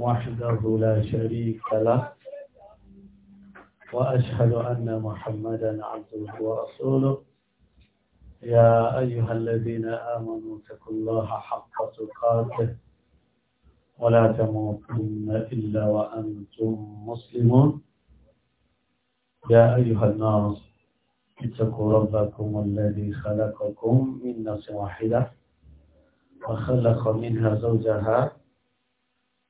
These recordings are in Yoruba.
وحده لا شريك له وأشهد أن محمدا عبده ورسوله يا أيها الذين آمنوا اتقوا الله حق تقاته ولا تموتن إلا وأنتم مسلمون يا أيها الناس اتقوا ربكم الذي خلقكم من نفس واحدة وخلق منها زوجها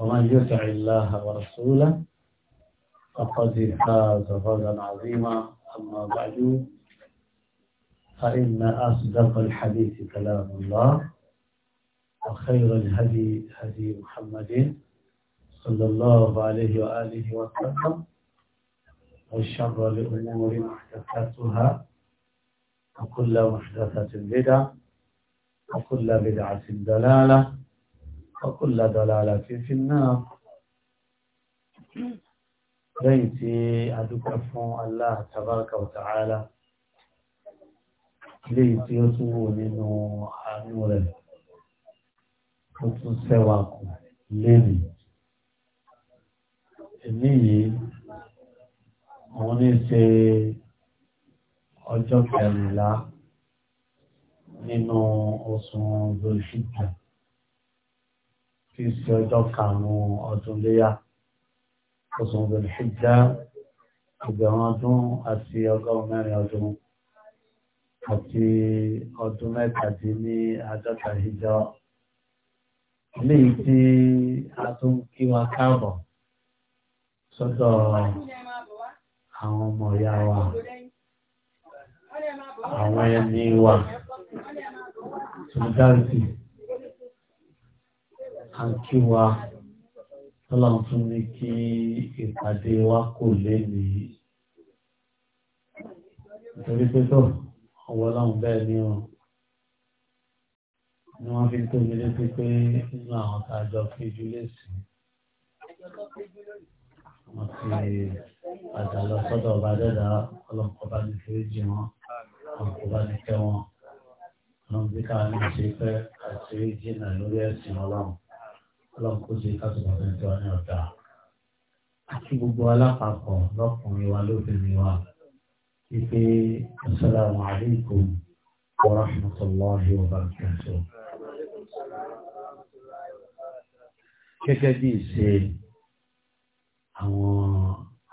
ومن يطع الله ورسوله فقد فاز فوزا عظيما أما بعد فإن أصدق الحديث كلام الله وخير الهدي هدي محمد صلى الله عليه وآله وسلم وشر الأمور محدثاتها وكل محدثة بدعة وكل بدعة دلاله وكل ضلالة في النار lẹ́yìn tí a dúpẹ́ fún Allah tabaraka wa ta'ala léyìí tí ó tún wò nínú àánú rẹ̀ ó tún sẹ́wà kù lẹ́nu èmi yìí òun ní ṣe ọjọ́ kẹrìnlá nínú oṣù Zulhijjah tí í ṣe ọjọ́ karùn-ún ọdún léyà oṣù Dhul-Hijja ọdún àti ọgọ́rùn mẹ́rin ọdún àti ọdún mẹ́tàdínní àádọ́ta hijra léyìí tí a tún kí wa káàbọ̀ sọ́dọ̀ àwọn ọmọ ìyá wa àwọn ẹni wa solidarity àti wa ọlọ́run tún ní kí ìpàdé wa kò lé ní nítorí pé tó ọwọ́ ọlọ́run bẹ́ẹ̀ ni ọ ni wọ́n fi ń tóbi létí pé nínú àwọn tá a jọ péjú lèsì wọ́n ti padà lọ sọ́dọ̀ ọba dẹ́dà ọlọ́run kọba ní fèrèjì wọn ọlọ́run kọba ní kẹ́ wọn ọlọ́run bí káwọn ní ṣe pẹ́ àti jìnnà lórí ẹ̀sìn ọlọ́run ọlọ́run kó ṣe kásìmọ̀ tó ń tọ́ ní ọ̀dà àti gbogbo alápapọ̀ lọ́kùnrin wa lóbìnrin wa wípé asalaamu alaykum wa rahmatulahi wa barakatuh. gẹ́gẹ́ bí ìṣe àwọn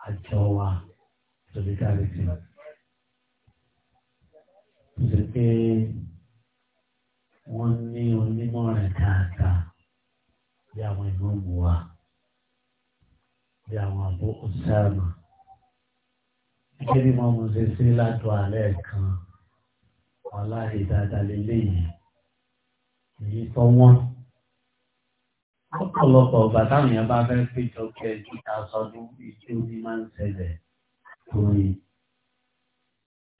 àjọ wa solidarity ṣe pé wọ́n ní onímọ̀ rẹ̀ dáadáa bí àwọn ìmọ̀ọ́mù wa bí àwọn àbó ọ̀sáàmù gẹ́gẹ́ bí wọ́n mú ṣe sí ládùú alẹ́ kan aláì dáadáa lélẹ́yìn èyí tó wọ́n ọ̀pọ̀lọpọ̀ ọ̀gbà táwọn èèyàn bá fẹ́ péjọ kẹjú aṣọ́dún ìjó ní máa ń ṣẹlẹ̀ torí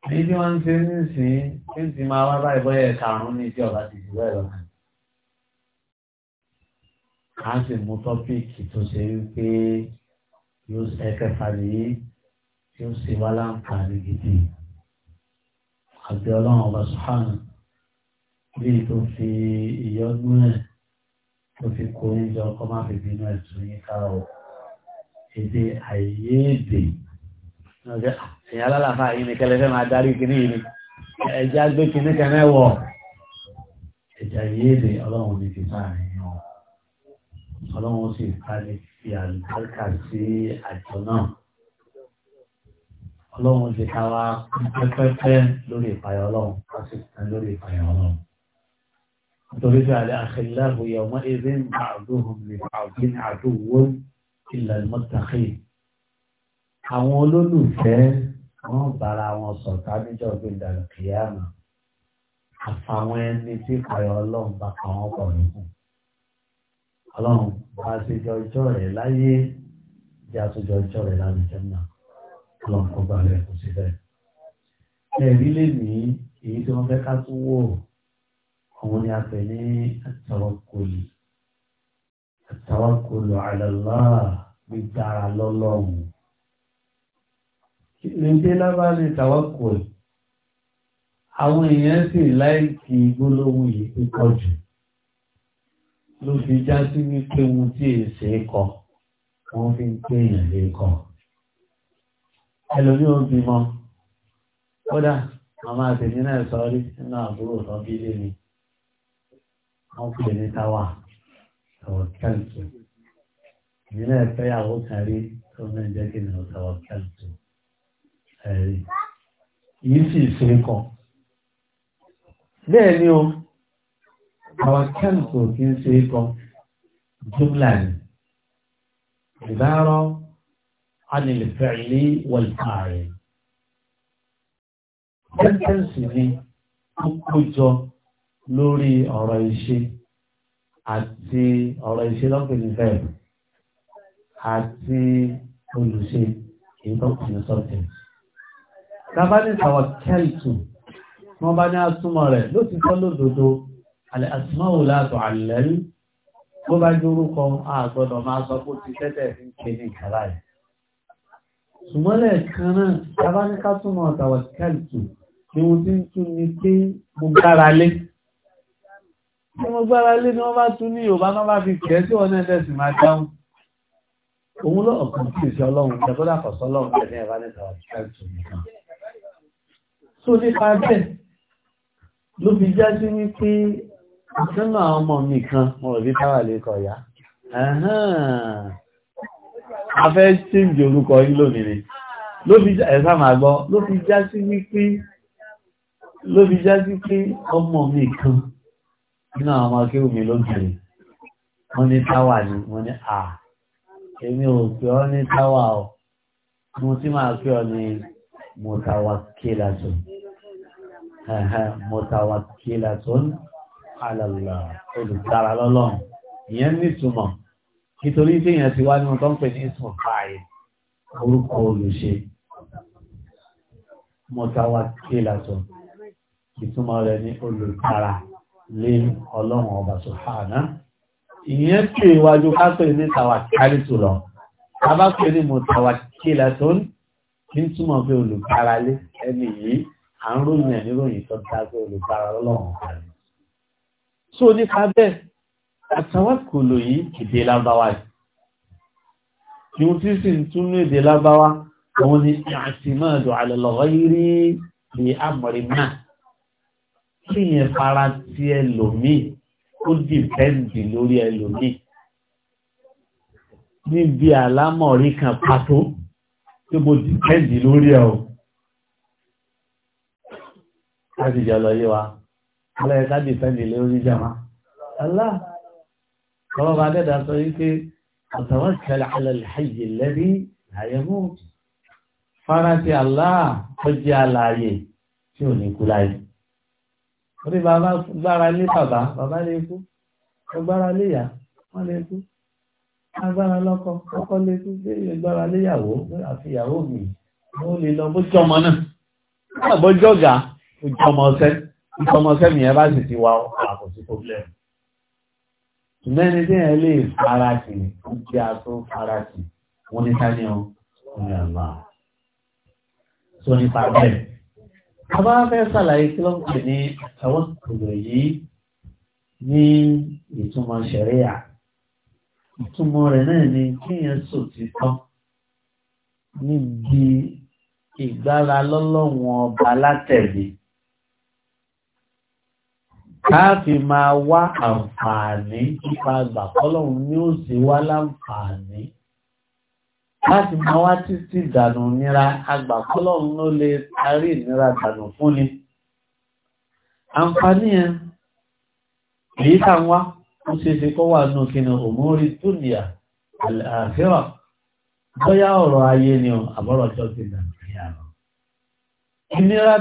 bí bí wọ́n ń ṣe ń sìn ń sìn máa wá báyìí bọ́yẹ̀ karùn-ún ní ìjọba ti jù bẹ́ẹ̀ lọ́nà a sì mú tọ́píìkì tó ṣe wípé yóò ẹ̀kẹfà nìyí tí ó sì wá láǹfààní gidi àbí ọlọ́run ọba sùhánù bí tó fi ìyọ́nú ẹ̀ tó fi kó oúnjẹ ọkọ má fi bínú ẹ̀ tún yín ká o èdè àìyéèdè alálàfà yìí ni kẹlẹ́fẹ́ máa darí kíní yìí ni ẹ̀já gbé kíní kẹ́mẹ́wọ̀ ẹ̀já àìyéèdè ọlọ́run ní ti sáà yẹn ọlọ́run sì kárí fi àlùbáríkà sí àjọ náà ọlọ́run sì ká wa pẹ́pẹ́pẹ́ lórí ìpayọ̀ ọlọ́run wá sí kan lórí ìpayọ̀ ọlọ́run nítorí pé àlẹ́ àṣẹláàbò yọ̀mọ́ eré ń bá àdóhùn lè àbí àdóhùn ilẹ̀ mọ́tàkì àwọn olólùfẹ́ wọ́n bára wọn sọ̀tá níjọ́ gbẹ̀dàlùkìyàmà àfàwọn ẹni tí ìpayọ̀ ọlọ́run bá kà wọ́n pọ̀ lókun ọlọ́run bá a ṣe jọ ìjọ rẹ̀ láyé jẹ́ àtúnjọ ìjọ rẹ̀ lálùjẹ́ náà ọlọ́run kọ́ gbà rẹ̀ kò sí bẹ́ẹ̀. ẹ̀rí lè ní èyí tí wọ́n fẹ́ ká tún wò òun ni a pè ní àtàwákòlì àtàwákòlì àlọ́lá gbígbára lọ́lọ́run. Níbi lábárí tàwákòlì, àwọn èèyàn sì láìkì gbólóhùn yìí pípọ̀ jù ló fi já sí wípé ohun tí èsè kọ wọ́n fi ń pè yàn lè e kọ. ẹlòmí ò bímọ kódà màmá àtẹ̀mí náà sọ rí nínú àbúrò tó bí lé mi wọ́n pè ní táwà tọ̀wọ̀ kẹ́ǹtù èmi náà fẹ́yàwó kan rí tó ń jẹ́ kí ni tọ̀wọ̀ kẹ́ǹtù ẹ̀rí yìí sì ṣe kọ. bẹ́ẹ̀ ni o àwọn kẹ́ǹkù kí ń ṣe é kọ jùmlà ní ìbárọ̀ anìlẹ̀fẹ̀ẹ́lẹ́ wọ̀lùfààrẹ̀. kẹ́ǹkẹ́ǹsì ni ó kójọ lórí ọ̀rọ̀ ìṣe àti ọ̀rọ̀ ìṣe lọ́pìnrin fẹ́ àti olùṣe èyí tó kù ní sọ́tẹ̀. Tàbá ní wọ́n bá ní àtúmọ̀ rẹ̀ ló ti sọ lódodo àlẹ́sìmáwò látọ̀ àlẹ́rí tó bá jẹ́ orúkọ àgbọ́dọ̀ máa sọ pé ti tẹ́tẹ̀ fi ń ké ní ìkàrà ẹ̀. ṣùgbọ́nlẹ̀ kan náà tabáníká túnmọ̀ ọ̀tàwọ̀ kẹ́lìtù ni mo ti ń tún ni pé mo gbára lé. tí mo gbára lé ni wọ́n bá tún ní yorùbá náà bá fi kẹ́ sí ọ̀nà ẹ̀dẹ̀ sì máa dáhùn. òun lọ ọ̀kan kì í ló fi já wípé Sínú àwọn ọmọ mi kan, mo rò bí táwà lè kọ̀ yá. A fẹ́ tí ń jẹ orúkọ yí lónìí ni. Ló fi ẹ̀sà máa gbọ́, ló fi já sí wípé, ló fi já sí pé ọmọ mi kan nínú àwọn ọmọ akéwù mi lóbìnrin. Wọ́n ní táwà ni, wọ́n ní à. Èmi ò pè ọ́ ní táwà o. Mo ti máa pè ọ́ ní mọ̀tàwákílàtún. Mọ̀tàwákílàtún alàlà olùtara lọ́lọ́run ìyẹn nítumọ̀ nítorí tí èèyàn ti wá ní wọn tó ń pè ní ìsùn fàáyé orúkọ olùṣe mọ́tàwá kílàsọ ìtumọ̀ rẹ̀ ní olùtara lé ọlọ́run ọba sọ̀hánà ìyẹn pè wájú ká pè ní tàwà kárìtù lọ tàbá pè ní mọ́tàwá kílàsọ ní túmọ̀ pé olùtara lé ẹni yìí à ń ròyìn ẹ̀ níròyìn tó dágbé olùtara lọ́lọ́run ọba so nípa bẹ́ẹ̀ àtàwákòlò yìí èdè lábáwá yìí tí sì ń tún ní èdè lábáwá òun ni àtìmọ́ọ̀dọ̀ àlọ́lọ́wọ́ rí ní àmọ̀rin náà kí yẹn fara ti ẹlòmíì ó dìpẹ́ǹdì lórí ẹlòmíì níbi àlámọ̀rí kan pàtó tí mo dìpẹ́ǹdì lórí ẹ̀ o láti jẹ́ lọ yé alẹ́ káàdì fẹ́ni lórí jama Allah kọ́lọ́ bá dẹ́dà sọ wípé àtàwọ̀kẹ́lá alẹ́lẹ́hàyè lẹ́bí àyẹ̀mú fárátì Allah tó jẹ́ alààyè tí ò ní kú láyé orí bàbá gbára lé bàbá bàbá lè kú ó gbára lé ìyá wọ́n lè kú agbára lọ́kọ ọkọ lè kú bí ìgbára lé ìyàwó àfi ìyàwó mi ó lè lọ bó jọmọ náà bó jọgà ó jọmọ ọsẹ ìfọmọsẹ́mi ẹ bá sì ti wá àkọsí problem ṣùgbẹ́ni tí ẹ lè farati ìjẹ́ àtó farati wọ́n ní ká ní ọ ní àmà tó nípa bẹ́ẹ̀ a bá fẹ́ sàlàyé kí ló ń pè ní àwọn ìpìlẹ̀ yìí ní ìtumọ̀ ṣẹ̀ríà ìtumọ̀ rẹ̀ náà ni kíyàn sòtítọ́ níbi ìgbára lọ́lọ́wọ́n ọba látẹ̀lé káàfi máa wá àǹfààní nípa àgbà kọ́lọ́run ní ó sì wá láǹfààní láti máa wá títí nira àgbà kọ́lọ́run ló lè tarí ìnira dànù fúnni àǹfààní yẹn èyí tá ń wá ó ṣe ṣe kọ́ wà nù kí ni òmórí dúnìyà àfihàn bóyá ọ̀rọ̀ ayé ni àbọ̀rọ̀ ti dànù ìnira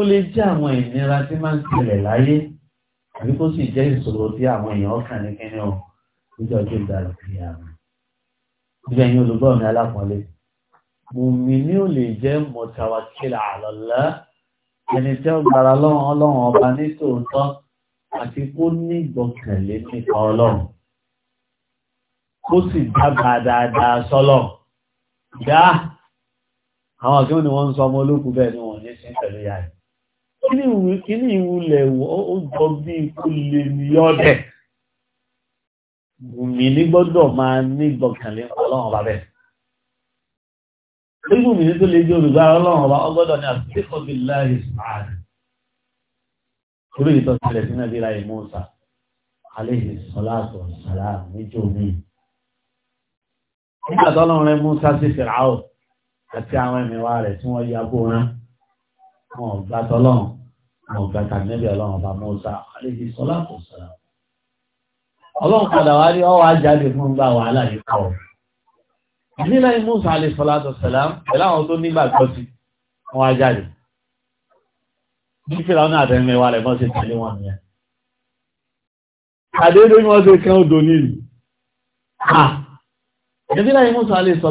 ó lè jẹ́ àwọn ìnira tí máa ń tẹ̀lẹ̀ láyé àbí kó sì jẹ́ ìṣòro tí àwọn èèyàn kàn ní kíní ọ̀ níjọ́ tó dára sí àmì. Ìjọ ẹ̀yin olùgbọ́ mi alápọ̀nlé. Mùmí ní ò lè jẹ́ mọ̀tàwákìlà àlọ́lá ẹni tí ó gbára lọ́wọ́ ọlọ́run ọba ní tòótọ́ àti kó ní ìgbọ̀kànlé nípa ọlọ́run. Kó sì dábàá dáadáa sọ́lọ̀. Dá àwọn àkíwọ̀n ni wọ́n ń sọ ọmọ olókùú bẹ́ẹ̀ ni wọ́n ní sí pẹ̀lú yàrá kíní ìwé kíní ìwúlẹ̀ ó jọ bí kò lè ní ọ̀dẹ̀ mùmíní gbọ́dọ̀ máa ní gbọ̀kànlé ọlọ́run ọba bẹ́ẹ̀ tí mùmíní tó lè jẹ́ olùgbàrá ọlọ́run ọba ọgbọ́dọ̀ ní àtúntò bí láàyè sàárẹ̀ orí ìtọ́sílẹ̀ sínú ẹbí láyé mọ́sà aléhì sọláàtọ̀ sàrà níjọ mi nígbà tọ́lọ́run rẹ mọ́sà sí fìràwọ̀ àti àwọn ẹ̀mẹ̀wà rẹ̀ tí wọ́n ya bó rán wọn ò gbà tọ́lọ́run wọn ò gbà tàbí ọlọ́run ọba mọ́sá àlejò sọlá kò sọlá. ọlọ́run padà wá rí ọwọ́ ajáde fún gbà wàhálà yìí kọ̀. nílẹ̀ Musa àlejò sọlá tó sọlá pẹ̀lú àwọn tó nígbàgbọ́ sí wọn ajáde. bí fìlànà àtẹnumẹ́wà rẹ̀ mọ́ sí tẹ̀lé wọn nìyẹn. Àdédé ní wọ́n ṣe kẹ́ odò ní ìlú. Àà, ẹ̀bí láyé Mùsùn alẹ́ sọ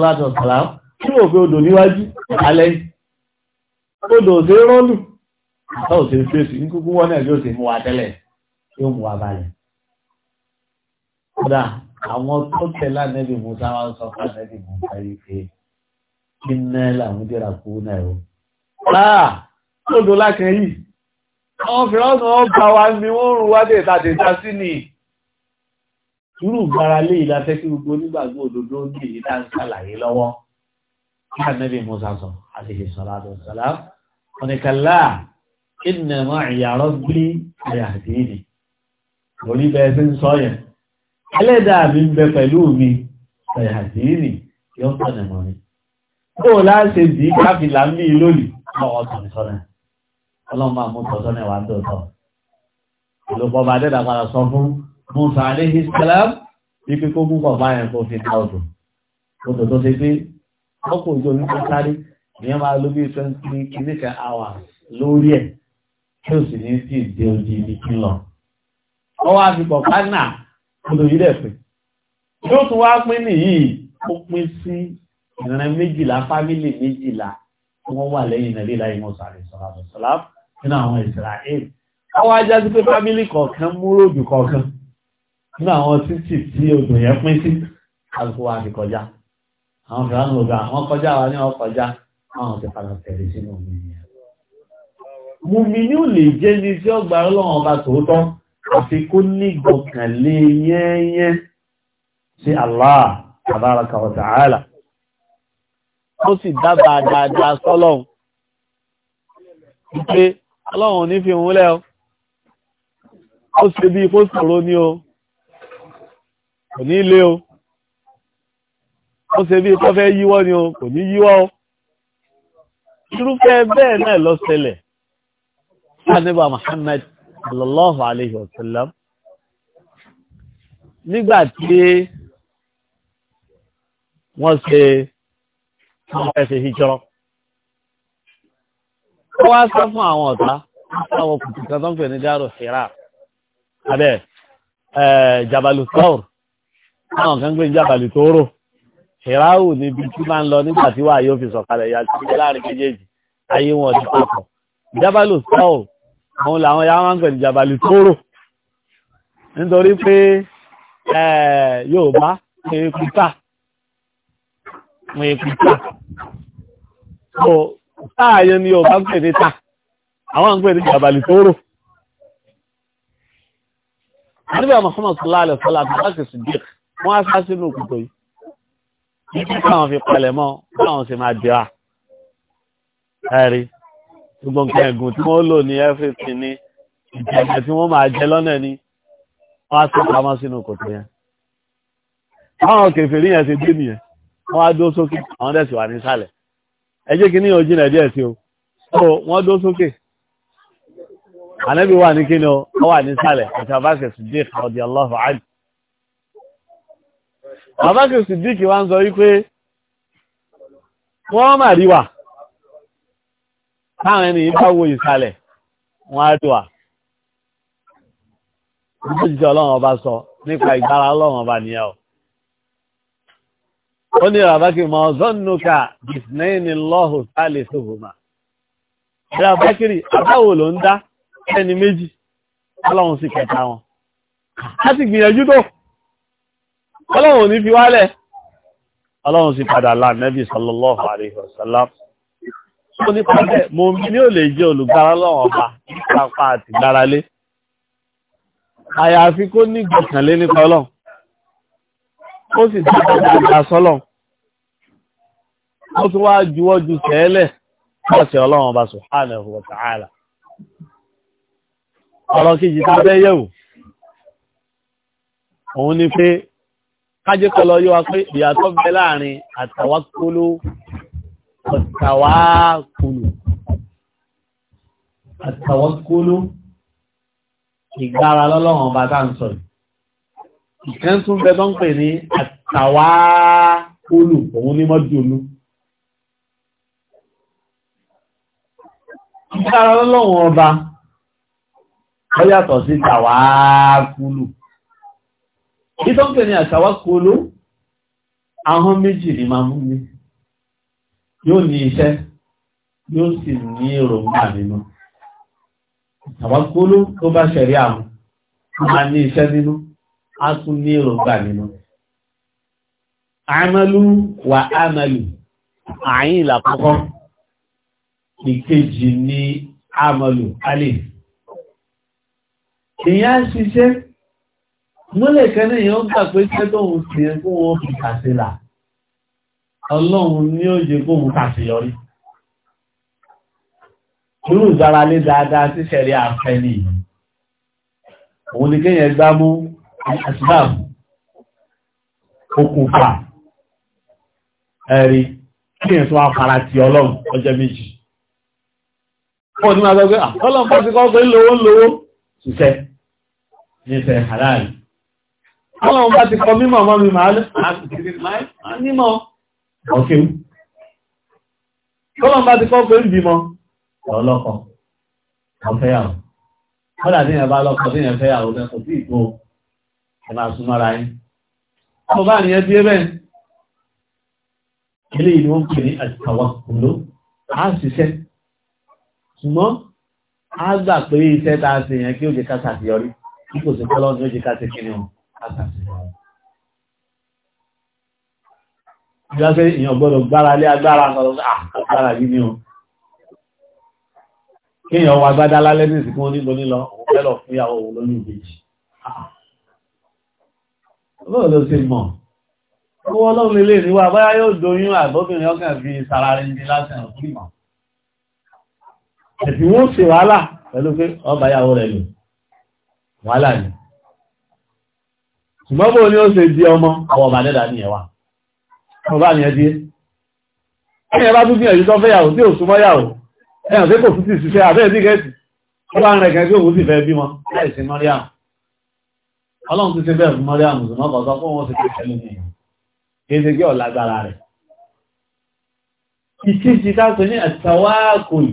kí Odò òsè rọ́lù, àtọ́ òsè fèsì, ní kúkú wọ́n náà yóò sì mú wa tẹ́lẹ̀, yóò mú wa balẹ̀. Kódà, àwọn tó tẹ̀lá nẹ́bì Musa wá sọ fún nẹ́bì Musa yìí pé, kí ná làwọn o. Láà, odò lákẹ́ yìí, àwọn fìrọ́nà ọba wa ni wọ́n rún wá dé ìtàdéta sí ni. Irú ìgbára lé ìlàfẹ́ kí gbogbo onígbàgbọ́ òdodo ní èyí tá ń ṣàlàyé lọ́wọ́. Kí ànẹ́bì Musa sọ, àlejò sọ̀rọ̀ àdọ̀sọ̀lá ọ̀nìkàlá ìnàmọ́ ìyàrọ̀ gbí àyàdìní orí bẹ́ẹ̀ sí ń sọ́yẹ̀ ẹlẹ́dàá mi ń bẹ pẹ̀lú mi àyàdìní yóò tọ̀nà mọ́ mi kó láṣẹ dì í káfìlà ń bí lónìí ọwọ́ tọ̀nà sọ́nà ọlọ́run máa mú tọ̀sọ́nà wà ń dọ̀tọ̀ ìlúpọ̀ bá dẹ́dà padà sọ fún musa aléhi ìyẹn máa ló bí twenty kìíní kan hours lórí ẹ̀ kí o sì ní sí ìdí ojì ibi kí lọ. ọwọ́ àfikọ̀ kánà olóyè rẹ̀ pé yóò tún wá pín nìyí ó pín sí ìrìn méjìlá fámìlì méjìlá tí wọ́n wà lẹ́yìn nàbí láì mọ́ sàrẹ̀ sọ̀rọ̀ sọ̀rọ̀ nínú àwọn Israel ọwọ́ ajá sí pé fámìlì kọ̀ọ̀kan mú ròdù kọ̀ọ̀kan nínú àwọn títì tí odò yẹn pín sí alùpùpù àfikọjá àwọn fìlànà ògà wọn kọjá wa ní ọkọjá àwọn ti padà tẹ̀lé sínú omi ni mùmí ní ò lè jẹ́ ní tí ọgbà ọlọ́run ọba tòótọ́ àfi kó ní gbọ̀kànlé yẹ́yẹ́ sí Allah tabaraka wa ta'ala ó sì dábàá dáadáa sọ́lọ́run wípé ọlọ́run ní fi múlẹ̀ o ó ṣe bí kó sọ̀rọ̀ ní o kò ní ilé o ó ṣe bí kó fẹ́ yíwọ́ ni o kò ní yíwọ́ o irúfẹ́ bẹ́ẹ̀ náà lọ ṣẹlẹ̀ sanibà Muhammad sallallahu alayhi wa sallam nígbà tí wọ́n ṣe wọ́n fẹ́ ṣe hijrọ́ ó wá sọ fún àwọn ọ̀tá àwọn kùtù kan tó ń pè ní dárò hira abẹ́ jabalu thawr àwọn kan gbé jabalu tóró hirahu níbi tí máa ń lọ nígbà tí wàá yóò fi sọ̀kalẹ̀ yá sí láàrin méjèèjì ayé wọn ọ̀dí papọ̀ jábálù sọ́ọ̀ àwọn làwọn ya máa ń pẹ̀lú jábálù tóóró nítorí pé Yorùbá èkúta èkúta so táàyẹ ni Yorùbá ń pè ní ta àwọn ń pè ní jábálù tóóró nígbà Muhammad sallallahu alaihi wasallam láti Siddiq wọ́n á sá sínú òkúta yìí nígbà wọn fi palẹ̀mọ́ báwọn sì máa dira ẹ̀rí gbogbo nǹkan ẹ̀gùn tí wọ́n lò ní everything ní ìjẹ̀jẹ̀ tí wọ́n máa jẹ lọ́nà ni wọ́n á sí pamọ́ sínú kòtò yẹn báwọn kèfèrí yẹn ti dé nìyẹn wọ́n á dó sókè àwọn dẹ̀ sì wà nísàlẹ̀ ẹ jẹ́ kí ní ojú nà díẹ̀ sí o so wọ́n dó sókè ànábì wà ní kíni o wọ́n wà nísàlẹ̀ àti abáṣẹ Siddiq radiyallahu anhu abáṣẹ Siddiq wa ń sọ wípé wọ́n mà rí wà táwọn ẹni bá wo ìsàlẹ̀ wọn á dùn à nígbà jíjẹ ọlọ́run ọba sọ nípa ìgbára ọlọ́run ọba nìyẹn o ó ní rabaki ma ọ̀zọ́nùkà bìtìnẹ́ẹ̀ni lọ́hù sálẹ̀ sóhùmá rabakiri àbáwò ló ń dá ẹni méjì ọlọ́run sì kẹta wọn a ti gbìyànjú tó ọlọ́run ò ní fi wálẹ̀ ọlọ́run sì padà lá nẹ́bí sallallahu alaihi wasallam tó nípa bẹ́ẹ̀ mo ní ò lè jẹ́ olùgbàrá lọ́wọ́ ọba nípa àti gbáralé àyàfi kó ní gbọ̀kànlé nípa ọlọ́run ó sì dáadáa dáadáa sọ́lọ̀ ó tún wá juwọ́ ju tẹ́lẹ̀ láti ọlọ́run ọba subhanahu wa ta'ala ọ̀rọ̀ kejì tá bẹ́ yẹ̀wò òun ni pé kájẹ́kọ́ lọ yíwa pé ìyàtọ̀ bẹ láàrin àtàwákóló àtàwákùlù àtàwákùlù ìgbára lọ́lọ́run ọba tá ń sọ ìkan tún bẹ tó ń pè ní àtàwákùlù òun ní mọ́júlú ìgbára lọ́lọ́run ọba ó yàtọ̀ sí tàwákùlù ìtọ́pẹ̀ ní àtàwákùlù ahọ́n méjì ni máa mú mi yóò ní iṣẹ́ yóò sì ní èròǹgbà nínú àwákóló tó bá ṣẹ̀rí àwọn a ní iṣẹ́ nínú a tún ní èròǹgbà nínú àmàlú wà àmàlú àyín ìlàkọ́kọ́ ìkejì ní àmàlú alif èyàn ṣiṣẹ́ múlẹ̀ kẹ́nìyàn gbà ọlọ́run ní òye gbóhun tàṣeyọrí irú ìgbáralé dáadáa tí ṣẹ̀rí àfẹ́ ní òun ni kéèyàn gbá mú àṣìbáàbù okùnfà ẹ̀rí kéèyàn tó afárá ti ọlọ́run ọjọ́ méjì wọ́n ni máa sọ pé ọlọ́run bá ti kọ́ mímọ̀ mọ́ mi máa ní mímọ̀ ọ̀kíw kọ́lọ̀n bá ti kọ́ pé ń bímọ ọlọ́kọ̀ ọ̀fẹ́yàwó kọ́lá ní ẹ̀bá lọ́kọ̀ ní ẹ̀fẹ́yàwó lẹ́kọ̀ sí ìgbó ẹ̀mà súnmọ́ra yìí ọmọ bá nìyẹn tí ẹbẹ̀ ilé ìlú ń pè ní àtàwà kùló a ṣiṣẹ́ ṣùgbọ́n a gbà pé iṣẹ́ tá a ṣe yẹn kí ó jẹ́ ká ṣàṣeyọrí bí kò sí kọ́lọ́ ní ó jẹ́ ìgbàṣẹ́ èèyàn gbọ́dọ̀ gbára lé agbára ah, agbára yìí ni o kíyàn wà gbádá lálẹ́ ní ìsìnkú onígbò nílọ òun fẹ́lọ̀ fún ìyàwó òun lónìí ìbejì lóò ah, ah. ló sì mọ̀ owó ọlọ́run lè níwà báyá yóò doyún àbóbìnrin ọkàn fi sara rindin lásìkò fún ìmọ̀ ẹ̀sìn wọ́n ṣe wàhálà pẹ̀lú pé ọba ìyàwó rẹ̀ lò wàhálà ni ṣùgbọ́n bóò ni ó ṣe di ọmọ àwọn ọba ní ẹ̀wà ọba mi ẹdí ẹ̀yìn ẹbá tún gbìyànjú tó fẹ́yàwó tí ò súnmọ́ yàwó ẹ̀yàn tí kò tún ti ṣiṣẹ́ abẹ́ ẹ̀dí gẹ̀ẹ́sì ọba ń rẹ̀ kẹ́ tí òun sì fẹ́ bímọ láìsí mọ́ríàmù ọlọ́run ti ṣe bẹ́ẹ̀ fún mọ́ríàmù ṣùgbọ́n kọ̀ sọ fún wọn sì ti ṣẹlẹ̀ ní kéde kí ọ̀lágbára rẹ̀ ìkéjì káàkiri ní àtàwákòyì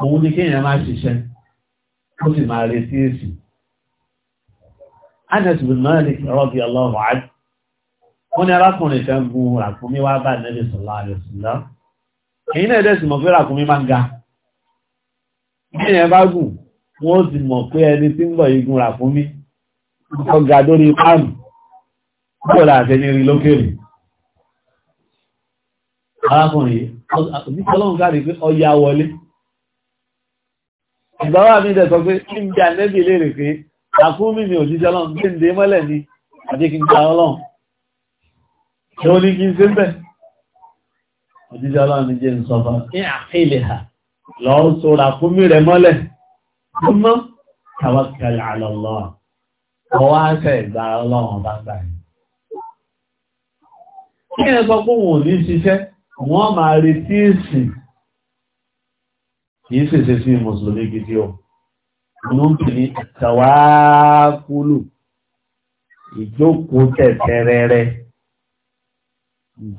òun ni kéèyàn máa ṣiṣẹ́ ó sì máa retí èsì Anas bin Malik radiyallahu anhu wọ́n ní arákùnrin kan gun ràkúnmí wá bá nẹ́bí sọ̀lá rẹ̀ sílá èyí náà dẹ̀ sì mọ̀ pé ràkúnmí máa ń ga bí ẹ̀ bá gùn wọ́n sì mọ̀ pé ẹni tí ń bọ̀ yìí gun ràkúnmí ọgá lórí páàmù púpọ̀ láti ní rí lókèrè arákùnrin ní ọlọ́run káàrí pé ọya wọlé ìgbàwà mi dẹ̀ sọ pé kí n bí anẹ́bì lè rè pé àkúmí mi òjíṣẹ́ ọlọ́run gbé ǹdé mọ́lẹ̀ ni àti kí n gba ọlọ́run ṣe ó ní kí n ṣe bẹ́ ọdíjọ́ aláàrin jẹ́ ìsọfà ní àkílẹ̀ ha lọ sọ́ra fúnmí rẹ̀ mọ́lẹ̀ mọ́ tàwákàlẹ̀ àlọ́lọ́ ọwá ṣe ìgbà ọlọ́run bá gbà yìí kí ẹ sọ pé ní ṣiṣẹ́ wọ́n máa retí ìsìn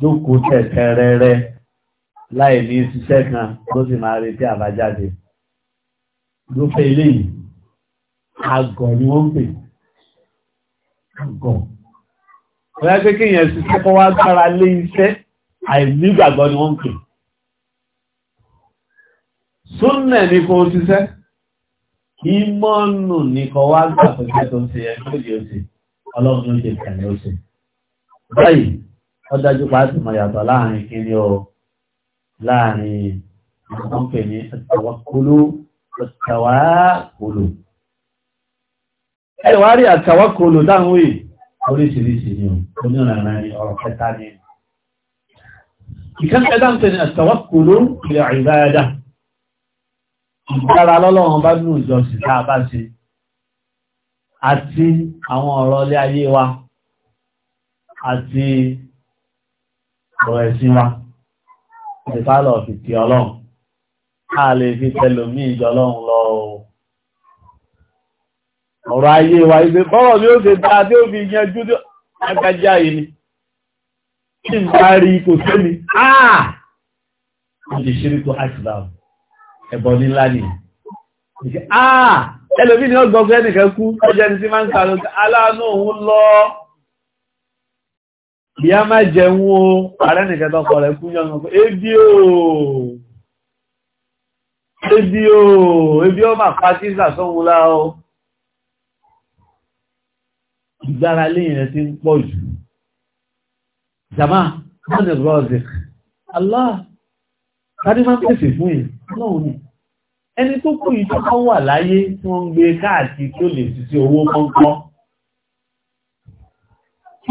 jókòó tẹ̀tẹ̀ rẹ̀rẹ̀ láì ní ṣiṣẹ́ kan tó sì máa retí àbájáde ló fẹ́ ilé yìí àgọ̀ ni wọ́n pè àgọ̀ ọ̀yá pé kí èèyàn ṣiṣẹ́ kọ́ wá gbára lé iṣẹ́ àìnígbàgbọ́ ni wọ́n pè súnnẹ̀ ní kò ṣiṣẹ́ ìmọ̀nù ní kọ wá gbà pẹ̀lú tó ń ṣe ẹgbẹ́ òjì ọlọ́run ló ṣe kẹ̀lẹ́ ó báyìí wọ́n dájú pàtí mọ̀ yàtọ̀ láàrin kíni o láàrin wọ́n pè ní àtàwákóló àtàwákóló ẹ̀wà rí àtàwákóló dáhùn yìí oríṣiríṣi ni onírànà ọ̀rọ̀ kẹta ni ìkẹ́kẹ́ dáhùn tẹ́ ni àtàwákóló ilẹ̀ ìbáyádá ìgbára lọ́lọ́run bá nù ìjọsìn tá a bá ṣe àti àwọn ọ̀rọ̀ ilé ayé wa àti ọ̀rọ̀ ẹ̀sìn wa ìfàlọ̀ fi ti ọlọ́run a lè fi tẹlòmí ìjọlọ́run lọ ọ̀rọ̀ ayé wa ìgbé bọ́rọ̀ ni ó ṣe dá tí ó fi yanjú agbájá yìí ni kí n bá rí kò sẹ́ni áà ó ti ṣírí tó àṣìláà ẹ̀bọ̀ nílá ni áà ẹlòmí ni ọgbọ̀gbẹ́ nìkan kú ọjọ́ ni sí máa ń sàlọ́ aláàánú òun lọ́ọ́ ìyá má jẹun o ààrẹ nìkan tọ́kọ rẹ̀ kú yọ́nà pé ebi o ebi o ebi ọmọ àpátíṣà sọ́hun lá o ìgbára léyìn rẹ̀ ti ń pọ̀ jù jama mọ́nì rọ́ọ̀dìk Allah kárí máa ń pèsè fún yìí lọ́hun ni ẹni tó kú ìjọ́ kan wà láyé tí wọ́n ń gbé káàkiri tí lè ti owó kọ́ńkọ́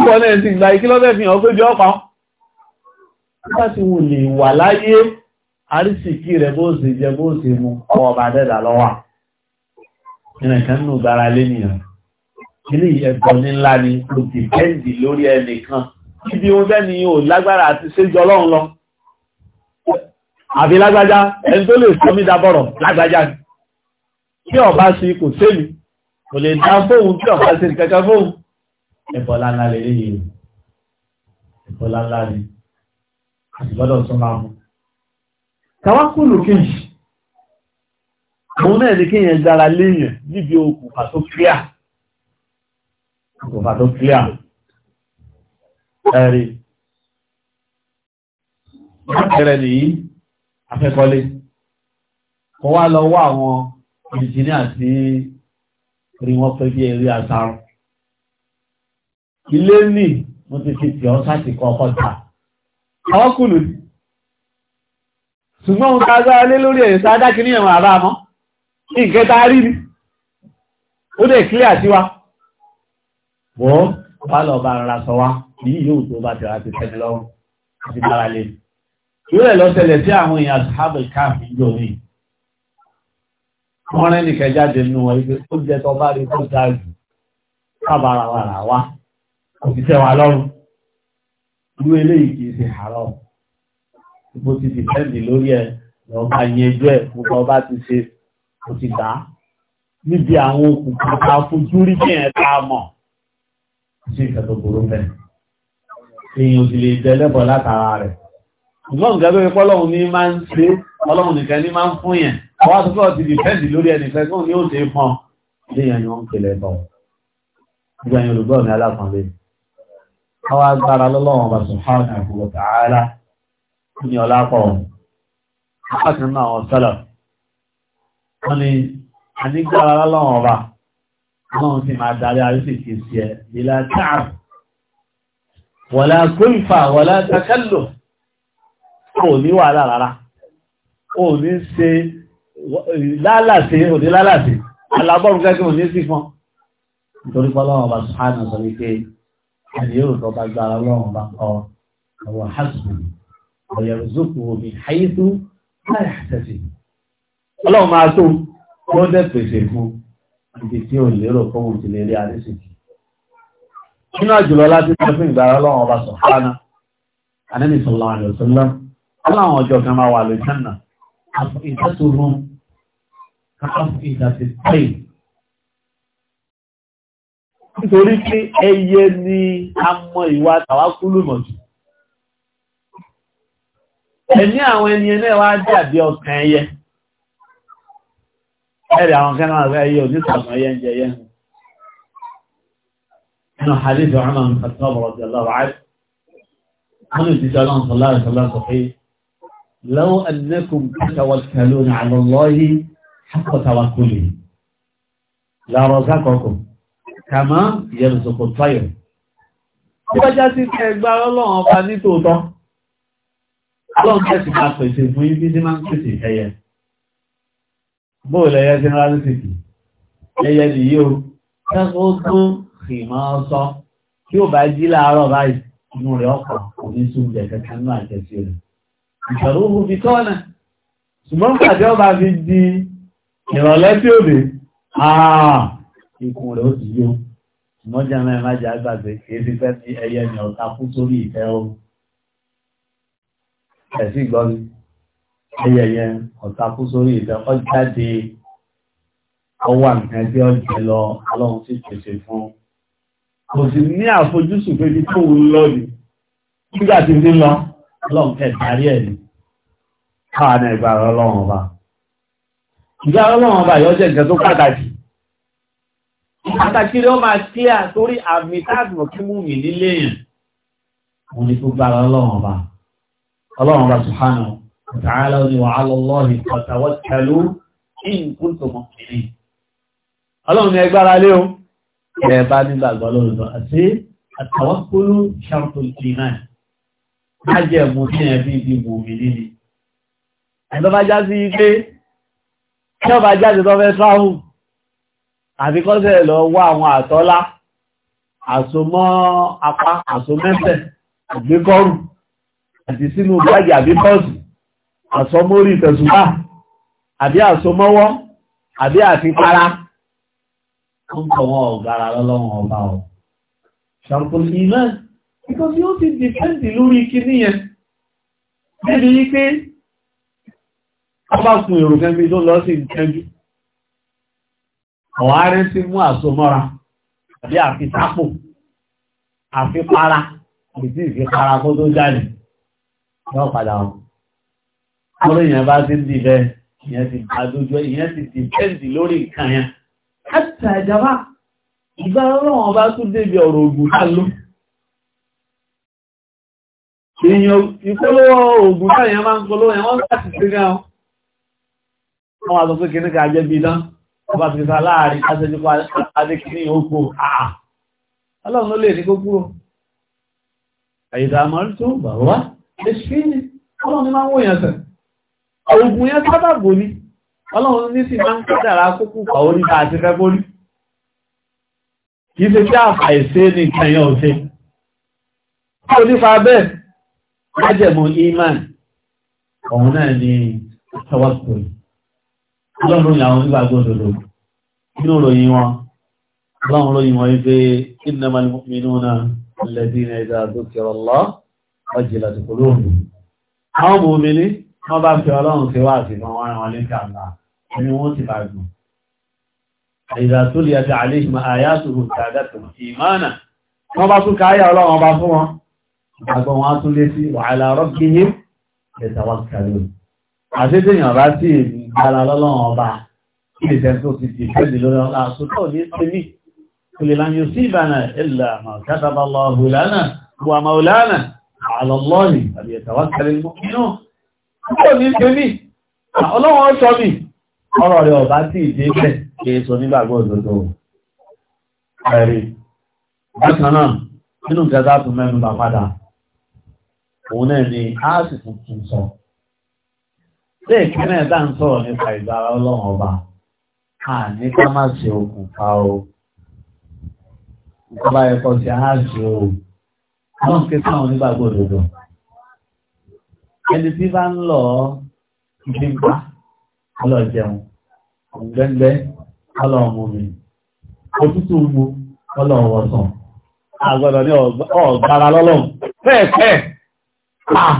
wọ́n náà sì gba ìkílọ́fẹ́ fi hàn pé jọ pa wọ́n láti wù lè wà láyé àrísìkí rẹ̀ bó ṣe jẹ bó ṣe mú ọwọ́ bá dẹ́dà lọ́wà ẹnìkan nù gbára lé nìyàn ilé ẹ̀kọ́ ní ńlá ni kò dìpẹ́ǹdì lórí ẹnìkan ibi ohun bẹ́ni ò lágbára àti séjọ lọ́run lọ àbí lágbájá ẹni tó lè sọ ẹ̀bọ̀ lánà lè rí yìí ẹ̀bọ̀ lánà rí àti gbọ́dọ̀ tún máa mú. tàwákùlù kejì òun náà ní kéèyàn dára léèyàn níbi okùnfà tó kíá okùnfà tó kíá ẹ̀rí ẹ̀rẹ̀ nìyí afẹ́kọ́lé mo wá lọ wá àwọn ìjìnlẹ̀ àti rí wọ́n pẹ́ bí ẹ̀rí àtàrùn ilé ní mo ti fi tí ọ́n sáti kọ ọkọ̀ ta ọkùnrin ṣùgbọ́n mo tagbára lé lórí ẹ̀yìn sáadá kì ní ẹ̀wọ̀n àbá mọ́ ní ìkẹta rí ni ó dẹ̀ kílẹ̀ àti wa wọ́n wá lọ bá ara sọ wá ní yóò tó bá tẹ̀wá ti tẹ́ni lọ́rùn àti bára lé yóò rẹ̀ lọ ṣẹlẹ̀ sí àwọn èèyàn sábẹ̀ káàfì jọ ní wọ́n rẹ́ nìkẹ́ jáde nínú wọn ó jẹ́ tó bá rí tó dáa jù kábàárà wà rà wá kò fi tẹ́wà lọ́rùn irú eléyìí kìí ṣe àárọ̀ ipò ti ti tẹ́ǹdì lórí ẹ̀ lọ́ba yẹjú ẹ̀ gbogbo ọba ti ṣe kò ti dá níbi àwọn okùn kàkà fojú rí kí ẹ̀ tá a mọ̀ sí ìfẹ́ tó burú bẹ́ẹ̀ èèyàn sì lè jẹ lẹ́bọ̀ látara rẹ̀ ṣùgbọ́n nǹkan tó fi pọ́lọ́hun ní máa ń ṣe ọlọ́hun nìkan ní máa ń fún yẹn ọwọ́ àtúntò ti di fẹ́ǹdì lórí ẹnìkan tó ní ó ṣe fún ọ léèyàn ni wọ́n ń pè lẹ́bọ̀ gbogbo ẹ̀yìn olùgbọ́ mi alákànlé káwà gbára lọ́lọ́wọ́ ọba subhanahu wa ta'ala ní ọlápọ̀ ọ̀pọ̀sìn náà wọ́n sọ́lọ̀ wọ́n ni a ní gbára lọ́lọ́wọ́ ọba wọ́n sì máa darí àríṣìkì sí ẹ̀ ìlà táàr wọ̀lá kúnfà wọ̀lá takallò kò ní wà lára ò ní ṣe lálàsí ò ní lálàsí alábọ́rùn kẹ́kẹ́ ò ní sí fún nítorí pọ́lọ́wọ́ ọba subhanahu wa ta'ala àdéhùn tó bá gbára ọlọ́run bá kọ àwọn àṣù ọ̀yẹ̀rùzókù omi àyíkú láì àtẹ̀sí. ọlọ́run máa tó wọ́n dẹ̀ pèsè fún ibi tí ò lérò fóun ti lè rí àrísìkì. nínú àjùlọ láti sọ fún ìgbára ọlọ́run ọba sọ̀fánà anẹ́bí sọ̀lá àlùsọ́lá aláwọn ọjọ́ kan máa wà lójánà àfọ̀ ìdásórún káfọ̀ ìdásí pẹ́yì nítorí pé ẹyẹ ni a mọ ìwà tàwákúlù mọ̀ jù ẹ̀mí àwọn ẹni ẹlẹ́ wá dàbí ọkàn ẹyẹ ẹ̀rẹ̀ àwọn kẹ́nà àwọn ẹyẹ onítàmọ̀ ẹyẹ ń jẹ ẹyẹ ẹnu hadith ọ̀rọ̀mọ̀ ìfàtọ́bọ̀rọ̀ jẹ́ lọ́wọ́ عنه الجزالان صلى الله عليه وسلم لو أنكم تتوكلون على الله حق توكله لا رزقكم kàmá ìyẹ̀rùsọ̀kò tọ́yọ̀. Ó bá já sí ẹgbà ọlọ́run ọba ní tòótọ́. Ọlọ́run tẹ́sì máa pèsè fún ibi tí máa ń pèsè ẹyẹ. Bóòlù ẹyẹ sí rárá sí kì. Ẹyẹ nìyí o, kẹ́kọ̀ọ́ tó ikùn rẹ̀ ó ti yó ṣùgbọ́n jẹ́ mẹ́rin má jẹ́ àgbàgbé kìí fi fẹ́ sí ẹyẹ ni ọ̀tá kú sórí ìfẹ́ o ẹ̀sìn gbọ́ mi ẹyẹ yẹn ọ̀tá kú sórí ìfẹ́ ọ jáde ọwọ́ nǹkan tí ó jẹ lọ ọlọ́run sì pèsè fún kò sì ní àfojúsùn pé bí tó ń lọ ni nígbà tí ń lọ ọlọ́run kẹ̀ darí ẹ̀ ni káà náà ìgbà ọba ìgbà ọlọ́run ọba yóò nǹkan tó pàtàkì àtàkì rẹ̀ ó máa kí à torí àmì táàbùmọ̀ kí mú mi nílé yẹn wọ́n ni tó gbára ọlọ́run ọba ọlọ́run ọba subhanahu wa ta'ala ni wa 'ala Allahi fatawakkalu in kuntum mu'minin ọlọ́run ni ẹgbára lé o ẹ bá jáde tó fẹ́ tráhùn àti kọ́sẹ̀ lọ wá àwọn àtọ́lá àsomọ́ apá àsomẹ́sẹ̀ àgbékọ́rù àti sínú báyìí àbí bọ́ọ̀sì àsọmórí ìtẹ̀sùnbà àbí àsomọ́wọ́ àbí àfipára ń kọ̀ wọn ọ̀gára lọ́lọ́run ọba ọ̀ ṣàkóso iná because yóò ti dìpẹ́ǹdì lórí kíní yẹn débi wípé ọba kun èrò kẹ́mi tó lọ sí ìtẹ́jú ọ̀wárí sí mú àsomọ́ra àbí àfitápò àfipára ìdí ìfipára kó tó jáde yọ́ padà wọn lórí ìyẹn bá ti ń di bẹ́ẹ̀ ìyẹn ti bá dójú ìyẹn ti di pẹ́ǹtì lórí nǹkan yẹn àtà ìjàmbá ìgbà ọlọ́wọ́n bá tún débi ọ̀rọ̀ ògùn náà ló èèyàn ìpolówó ògùn náà yẹn máa ń polówó yẹn wọ́n láti sí gan-an wọ́n wá sọ pé kìnnìkan ajẹ́bí náà ọba ti sá láàrin aṣẹ́júpa adékíní ogbò àà ah, ọlọ́run ló lè ní gbogbo àyíká àmọ́rí tó bà wá ẹṣin ni ọlọ́run ni máa ń wòyàn sẹ̀ ogun yẹn ni ọlọ́run ní sì máa ń kádàrá kókù pàwọ́ níta àti fẹ́kórí kì í ṣe kí àfàìṣe ní kẹyàn ọ̀sẹ̀ kó nípa bẹ́ẹ̀ májẹ̀mú iman ọ̀hún náà ni tọwọ́sọ̀rọ̀ ọlọ́run ni àwọn onígbàgbọ́ òdodo inú ròyìn wọn ọlọ́run ròyìn wọn wípé innamal mu'minuna alladhina idha dhukira Allah wajilat qulubuhum àwọn mòmìnì wọ́n bá fi ọlọ́run sí wá sí wọn wọ́n wọn létí àlá ẹni wọ́n ti bàgbọ́n idha tuliyat alayhim ayatuhu zadatuhum imana wọ́n bá tún káyà ọlọ́run bá fún wọn àgbọ̀n wọn á tún ìgbàlá lọ́lọ́run ọba kí lè tẹ́ tó ti di ìfẹ́lẹ̀ lórí ọlá àtúntò ní sẹ́lì kò lè láyé sí ìbànà ilẹ̀ àmàkátàbà lọ́hùlánà wà máulánà àlọ́lọ́rì àbí ẹ̀tàwákẹ́lẹ̀ mọ́kínú kò ní sẹ́lì lẹ́ẹ̀kí náà dá ń sọ̀rọ̀ nípa ìgbára ọlọ́run ọba a ní ká má ṣe okùnfà o nǹkan bá yẹ kọ́ sí o àwọn ké sáwọn onígbàgbọ́ òdodo ẹni tí bá ń lọ ìdínpá ọlọ jẹun ọ̀gbẹ́ngbẹ́ ọlọ ọmọ mi òtútù mu ọlọ ọwọ́sàn àgbọ̀dọ̀ ní ọ̀gbára lọ́lọ́run bẹ́ẹ̀ ah!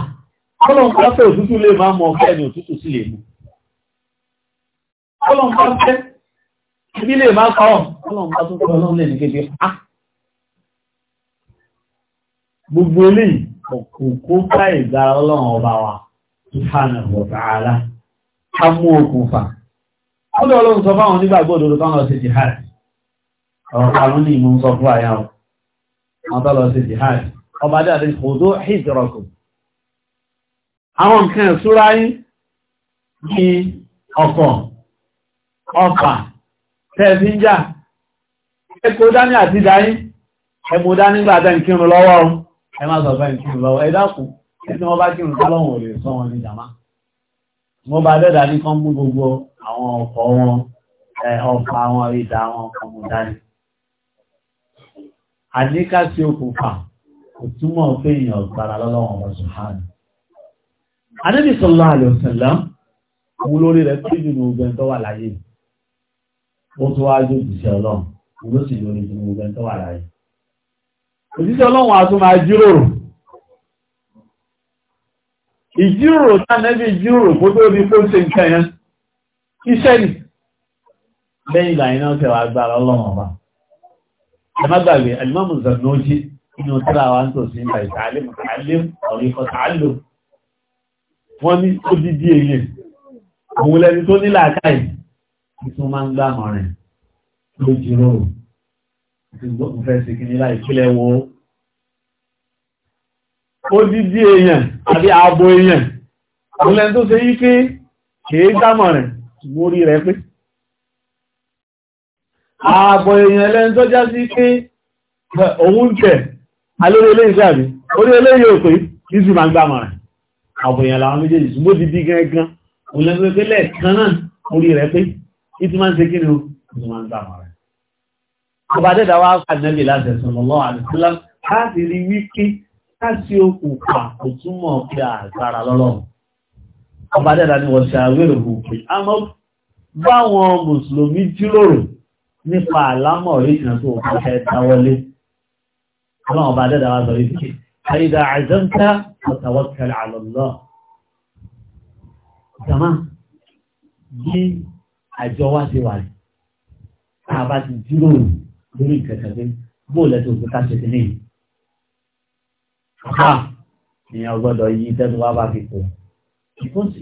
Ọlọ́run bá fẹ́ òtútù lè máa mọ̀ ọ̀fẹ́ ni òtútù sí lè mú. Ọlọ́run bá fẹ́ ibi lè máa pa ọ̀. Ọlọ́run bá tún fẹ́ ọlọ́run lè ní kéde. Ah! Gbogbo eléyìí kò ká ìgbà ọlọ́run ọba wa ìhànà ọ̀tààlá. Ká mú okùnfà. Ọlọ́run ọlọ́run sọ fáwọn onígbàgbọ́ òdodo kan lọ sí jihad. Ọ̀rọ̀ karùn-ún ni ìmú ń sọ fún àyà ọ̀. lọ sí jihad. Ọba dáadé kò tó hìjọ́rọ̀kùn àwọn nǹkan ìṣúra yín ní ọkọ̀ ọkà tẹ́ẹ̀fíńjà ẹkọ dání àti dáyín ẹmọ dání gbà tẹ́ ìkírun lọ́wọ́ ẹ má sọ fẹ́ ìkírun lọ́wọ́ ẹ dákun ẹni wọ́n bá kírun tálọ́wọ̀n ò lè sọ wọn ní jàmá wọ́n bá dẹ́dà ní kán mú gbogbo àwọn ọkọ̀ wọn ọkà wọn ìdá wọn ọmọ dání àníkà sí okùnfà kò túmọ̀ pé èèyàn gbára lọ́lọ́wọ́n ọ̀sùn hàn Ànábì sallallahu alaihi wasallam òun lórí rẹ̀ tó jù gbogbo ẹni tó wà láyé ó tó wá jó òjíṣẹ́ ọlọ́run òun ló sì lórí jù gbogbo ẹni tó wà láyé òjíṣẹ́ ọlọ́run a tún máa jíròrò ìjíròrò tánẹ́bí jíròrò kó tó rí kó ṣe nǹkan yẹn iṣẹ́ ni lẹ́yìn ìgbà iná wọ́n ní ó dídí èèyàn òun lẹni tó ní làákàyè tí tún máa ń gbàmọ̀ rẹ̀ ló jíròrò tí mo fẹ́ sí kìíní láì kílẹ̀ wo ó dídí èèyàn àbí ààbò èèyàn òun lẹni tó ṣe yí pé kìí gbàmọ̀ rẹ̀ mórí rẹ̀ pé ààbò èèyàn lẹni tó já sí pé òun tẹ̀ alórí eléyìí sí àbí orí eléyìí ò pé ní sì máa ń gbàmọ̀ rẹ̀ àbòyàn làwọn méjèèjì ṣùgbó ti bí gẹ́gán olẹ́gbẹ́gbẹ́lẹ̀ kan náà orí rẹ̀ pé ìtí máa ń ṣe kí ni ó ti máa ń dàmà rẹ̀ ọba dẹ́dà wá fàdínẹ́bì láti ẹ̀sùn lọ́wọ́ àdìsílá láti rí wípé káṣí okùn pa kò túmọ̀ pé àgbára lọ́lọ́run ọba dẹ́dà ni wọ́n ṣe àwérò òkè àmọ́ báwọn mùsùlùmí jíròrò nípa àlámọ̀ orí ìtìnà tó wọ́n fẹ́ dáwọ́lé ọlọ́run ọba dẹ́dà فإذا عزمت فتوكل على الله تمام bí àjọ wá sí wà rẹ̀ tá a bá ti jíròrò lórí ìkẹ̀kẹ̀ pé bóòlù ẹ̀sìn òkú ká ṣe ti ní ìhà èèyàn gbọ́dọ̀ yí tẹ́nu wá bá fi pọ̀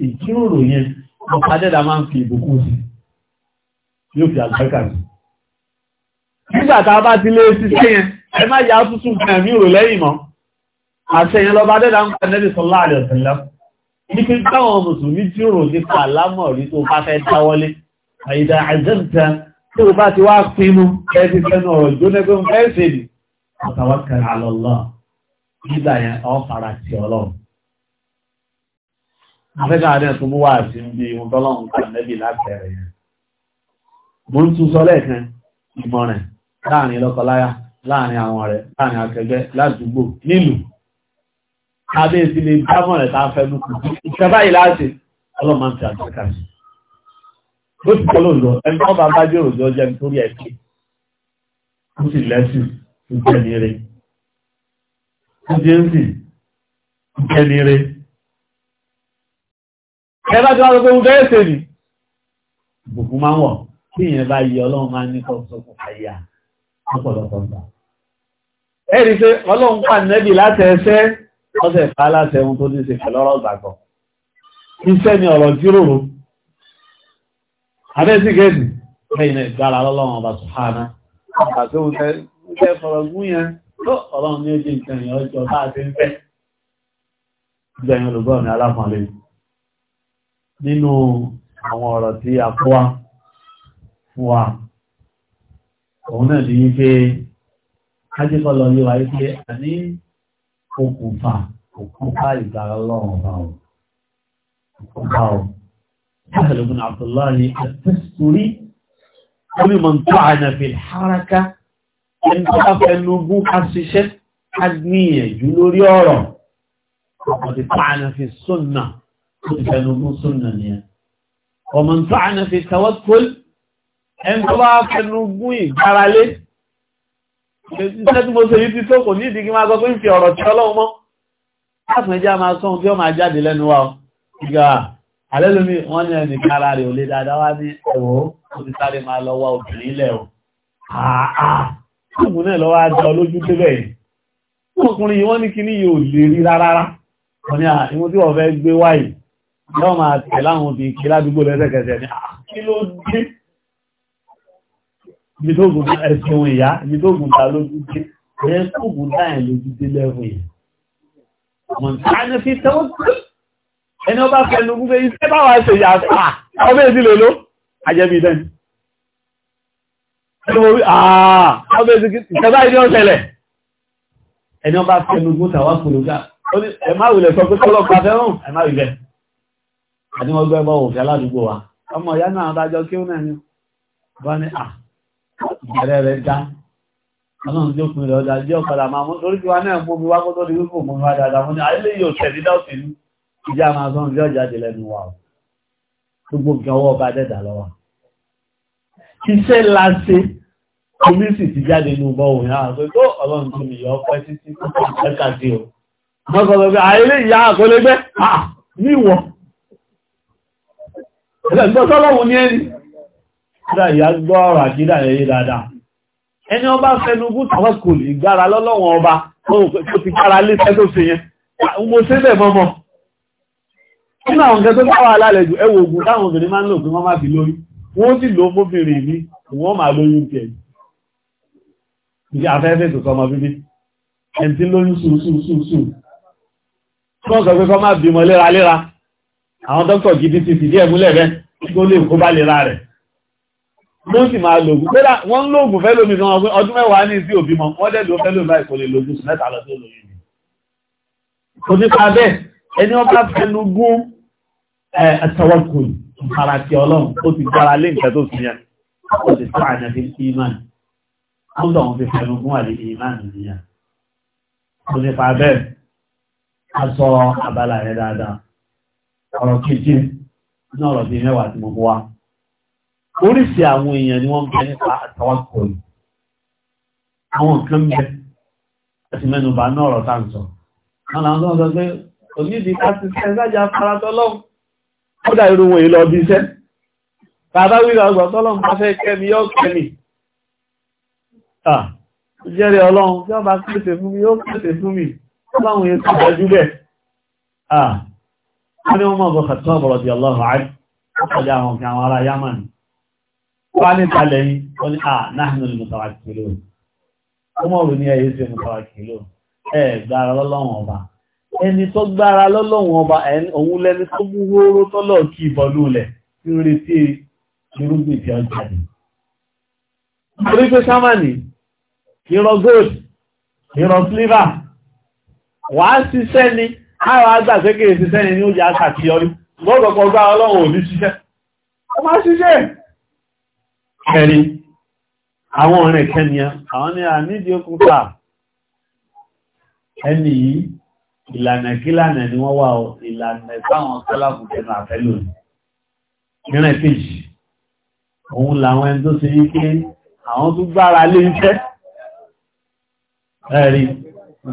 ìjíròrò yẹn ọ̀pá dẹ́dà máa ń fi ìbùkún sí yóò fi àgbẹ́kà sí nígbà bá ti lé ṣiṣẹ́ yẹn ẹ má yà á tuntun kan mí rò lẹ́yìn mọ́ àṣẹyìn lọ bá dẹ́dà ń pa nẹ́bí sọlá àlẹ́ ọ̀sẹ̀lá ní pé táwọn mùsùlùmí tí ó rò nípa alámọ̀rí tó bá fẹ́ dáwọ́lé àìdá àjẹ́mta tí ó bá ti wá pinnu kẹ́ẹ̀sì fẹ́nu láàrin lọ́kọláya láàrin àwọn ọ̀rẹ́ láàrin akẹgbẹ́ ládùúgbò nílùú abẹ́ ìsinmi dámọ̀ rẹ̀ tàà fẹ́mú kù ìṣẹ́bá ìláàṣẹ́ ọlọ́mà ti àjọkà sí ló ti kọ́ lóòrò ẹni ọba bá jẹ́ òjò jẹ́ nítorí ẹ̀kẹ́ ó sì lẹ́sì ìjẹnire ìjẹnsì ìjẹnire ẹbá tí wọ́n lọ pé mo bẹ́ẹ̀ sè ní ìbùkú máa ń wọ̀ tí ìyẹn bá yẹ ọlọ́run máa ń ní kọ́ọ̀sọ́kù àyà ọ̀pọ̀lọpọ̀ ẹ̀rí pé ọlọ́run pà nẹ́bì láti ọ̀sẹ̀ fàálàṣẹ ohun tó ní ṣe pẹ̀lú iṣẹ́ ni ọ̀rọ̀ jíròrò abẹ́sí gẹ̀ẹ́sì lẹ́yìn ìgbàlá lọ́lọ́run ọba sùhánà àti ohun tẹ́ fọ̀rọ̀ gún yẹn tó ọlọ́run ní ojú nǹkan ìyẹn ọjọ́ bá ti ń fẹ́ gbẹ̀yìn olùgbọ́ mi aláfọ̀nlé nínú àwọn ọ̀rọ̀ tí a kó wá fún wa òun okùnfà okùnfà ìgbàra ọlọ́run ọba o ọba o sáhẹ̀lú bin abdullahi àtẹ́sùrí orí mọ̀ tó àyànà fi háraka ẹni tó bá fẹnu gún ká ṣiṣẹ́ ká gbìyànjú lórí ọ̀rọ̀ ọmọ ti tó àyànà fi sunna tó ti fẹnu gún sunna iṣẹ́ tí mo ṣe yìí ti tó kò ní ìdíkí máa sọ pé ń fi ọ̀rọ̀ tí ọlọ́run mọ́ láti ẹjá máa sọ ohun tí ó máa jáde lẹ́nu wa ìgbà alẹ́lómi wọ́n ní ẹni kára rẹ̀ ò lè dáadáa wá ní ẹ̀wọ́ ó ti sáré máa lọ wá obìnrin ilẹ̀ o ààbùn náà lọ́wọ́ ajá olójú débẹ̀ yìí ọkùnrin yìí wọ́n ní kíní yìí ò lè rí rárá wọ́n ní àwọn tí wọ́n fẹ́ gbé wáyìí yọ́ máa tẹ̀ láwọn obìnrin kí ládùúgbò lẹ́sẹ̀kẹsẹ̀ ní kí ló dé ibi tó gùn ẹ̀sìn ohun ìyá ibi tó gùn ta lójú dé ẹ̀yẹ tó gùn dáyẹ̀ lójú dé lẹ́wọ̀n yìí mọ̀tánà fi tẹ́wọ́ ẹni ọba fẹ́nu gúgbé iṣẹ́ bá wà ṣe yàtọ̀ ọmọ èdè lè ló ajẹ́bí dẹ́ni ẹni ọba fẹ́nu gún tàwà kòlògá ẹ má wùlẹ̀ sọ pé tọ́lọ́pàá fẹ́ràn ẹ má àdínwọ́gbẹ́ bọ́ òfẹ́ aládùúgbò wa ọmọ ìyá náà adájọ́ kí ó náà ní bá ní à ìbẹ̀rẹ̀ rẹ̀ dá ọlọ́run tí ó pin rẹ̀ ọjà jẹ́ ọ̀padà máa mú torí tí wa náà mú mi wá kó tó di wípò mú wá dáadáa mú ní ayélé yóò tẹ̀lé dáòtì ní ìjà máa sọ ìjọ jáde lẹ́nu wa o gbogbo nǹkan ọwọ́ ọba dẹ́dà lọ́wọ́ iṣẹ́ láṣẹ omi sì ti jáde ní ọgbọ́ òun yára pé tó ọlọ́run tó mi yọ ọpẹ́ títí tó kọ̀ ẹ̀ka sí o wọ́n sọ pé ayélé ìyá àkọlẹ́gbẹ́ ní ìwọ̀ ẹ̀lẹ́gbọ́sọ́lọ́wọ́ ìyá gbọ́ ọ̀rọ̀ àkídà ẹ̀yẹ dáadáa ẹni ọba fẹnugú tàwọ́kùlù ìgbára lọ́lọ́wọ́n ọba tó ti kára lé tẹ́ tó fi yẹn mo ṣe bẹ̀ mọ́mọ́ nínú àwọn nǹkan tó dáwà alálẹ̀ jù ẹwọ ogun táwọn obìnrin máa ń lò pé wọ́n máa fi lórí wọ́n sì lò mọ́bìnrin ní wọ́n máa lóyún tẹ̀ ìdí afẹ́fẹ́ tó sọmọ bíbí ẹni tí lóyún sùúrùsùúrùsù wọ́n sọ pé kọ́ máa bímọ léraléra àwọn dókítà gidi ti fìdí ẹ̀ múlẹ̀ rẹ̀ kó lè kó bá lera rẹ̀ wọ́n sì máa lògùn pẹ́lá wọ́n ń lògùn fẹ́ lómi gan ọgbẹ́ ọdún mẹ́wàá ní sí òbí mọ́ wọ́n dẹ̀ ló fẹ́ lómi báyìí kò lè lògùn sí mẹ́ta lọ sí olóyìn ni kò nípa bẹ́ẹ̀ ẹni wọ́n bá gún ẹ̀ẹ́tọ́wọ́kùn ìfarati ọlọ́run ó ti gbára lé nǹkan tó fi yẹn ó ti sọ àyàn fi iman wọ́n dọ̀ wọ́n a sọ abala yẹn dáadáa ọ̀rọ̀ kejì oríṣi àwọn èèyàn ni wọ́n bẹ nípa àtàwọn kòrò àwọn nǹkan bẹ ẹ̀sìn mẹ́nubà náà rọ̀ tàǹsọ̀ wọ́n làwọn tó ń sọ pé onídi káti sẹ́ sájà fara tọ́lọ́m ó dà irú wọn ìlọ bí iṣẹ́ bàbá wíwà ọgbà tọ́lọ́m bá fẹ́ kẹ́mi yóò kẹ́mi jẹ́rẹ̀ ọlọ́run tí wọ́n bá pèsè fún mi yóò pèsè fún mi tó bá wọn yẹn tó bẹ́jú bẹ́ẹ̀ wọ́n ni wọ́n mọ̀ bọ̀ kàtọ́ ọ̀bọ̀rọ̀ di ọlọ́run àìkọ́jà àwọn kan ará yámà wá ní ìtàlẹ̀ yìí wọ́n ní àánáhìnà lè mọ̀tàwà kìlò ọmọ òrùn ní ẹ̀yẹ́ sí mọ̀tàwà kìlò ẹ̀ gbára lọ́lọ́wọ̀n ọba ẹni tó gbára lọ́lọ́wọ̀n ọba òun lẹ́ni tó mú wóró tọ́lọ̀ kí ìbọnú lẹ̀ tí ó retí irúgbìn tí ó jáde torí pé sámánì ìrọ̀ gold ọmọ ṣiṣẹ́ ẹ̀rí àwọn ọ̀rẹ́ kẹniyàn àwọn ni a nídi okun pa ẹni yìí ìlànà kílànà ni wọ́n wà ọ ìlànà táwọn sọ́làkù tẹnu àfẹ́lò ìrìn kejì òun làwọn ẹni tó ṣe yí pé àwọn tó gbára lé iṣẹ́ ẹ̀rí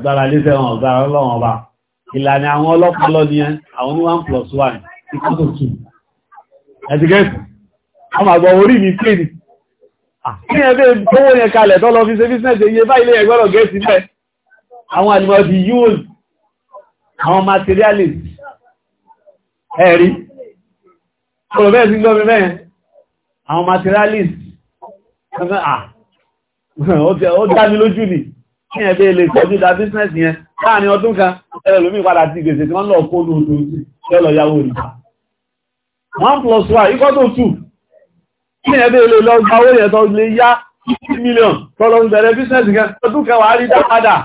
gbára lé iṣẹ́ wọn gbára lọ́wọ́n ìlànà àwọn ọlọ́pàá one plus one ikú tó tù ẹ̀dìgẹ́sì wọ́n máa Ah. kí ẹ fẹ́ owó yẹn kalẹ̀ tọ́lọ fi ṣe business iye bá ilé ẹgbọ́rọ̀ gẹ́ẹ̀sì mẹ́ àwọn àdìmọ̀ di yóòlù àwọn materialist ẹ̀rí ọ̀rọ̀ bẹ́ẹ̀ sí gbọ́mí mẹ́ àwọn materialist ah. ó dá mi lójú ni kí ẹ fẹ́ ilé ìtọ́jú da business yẹn láàrin ọdún kan ẹlòmí padà ti gbèsè tí wọ́n lọ kó lóòtú lọ́lọ́ yáwó rí one plus one equal to two ní ẹ̀bẹ̀ ilé lọ gba owó yẹ̀ tó lè yá 50 million tọ́lọ ń bẹ̀rẹ̀ business gan ọdún kẹwàá rí dápadà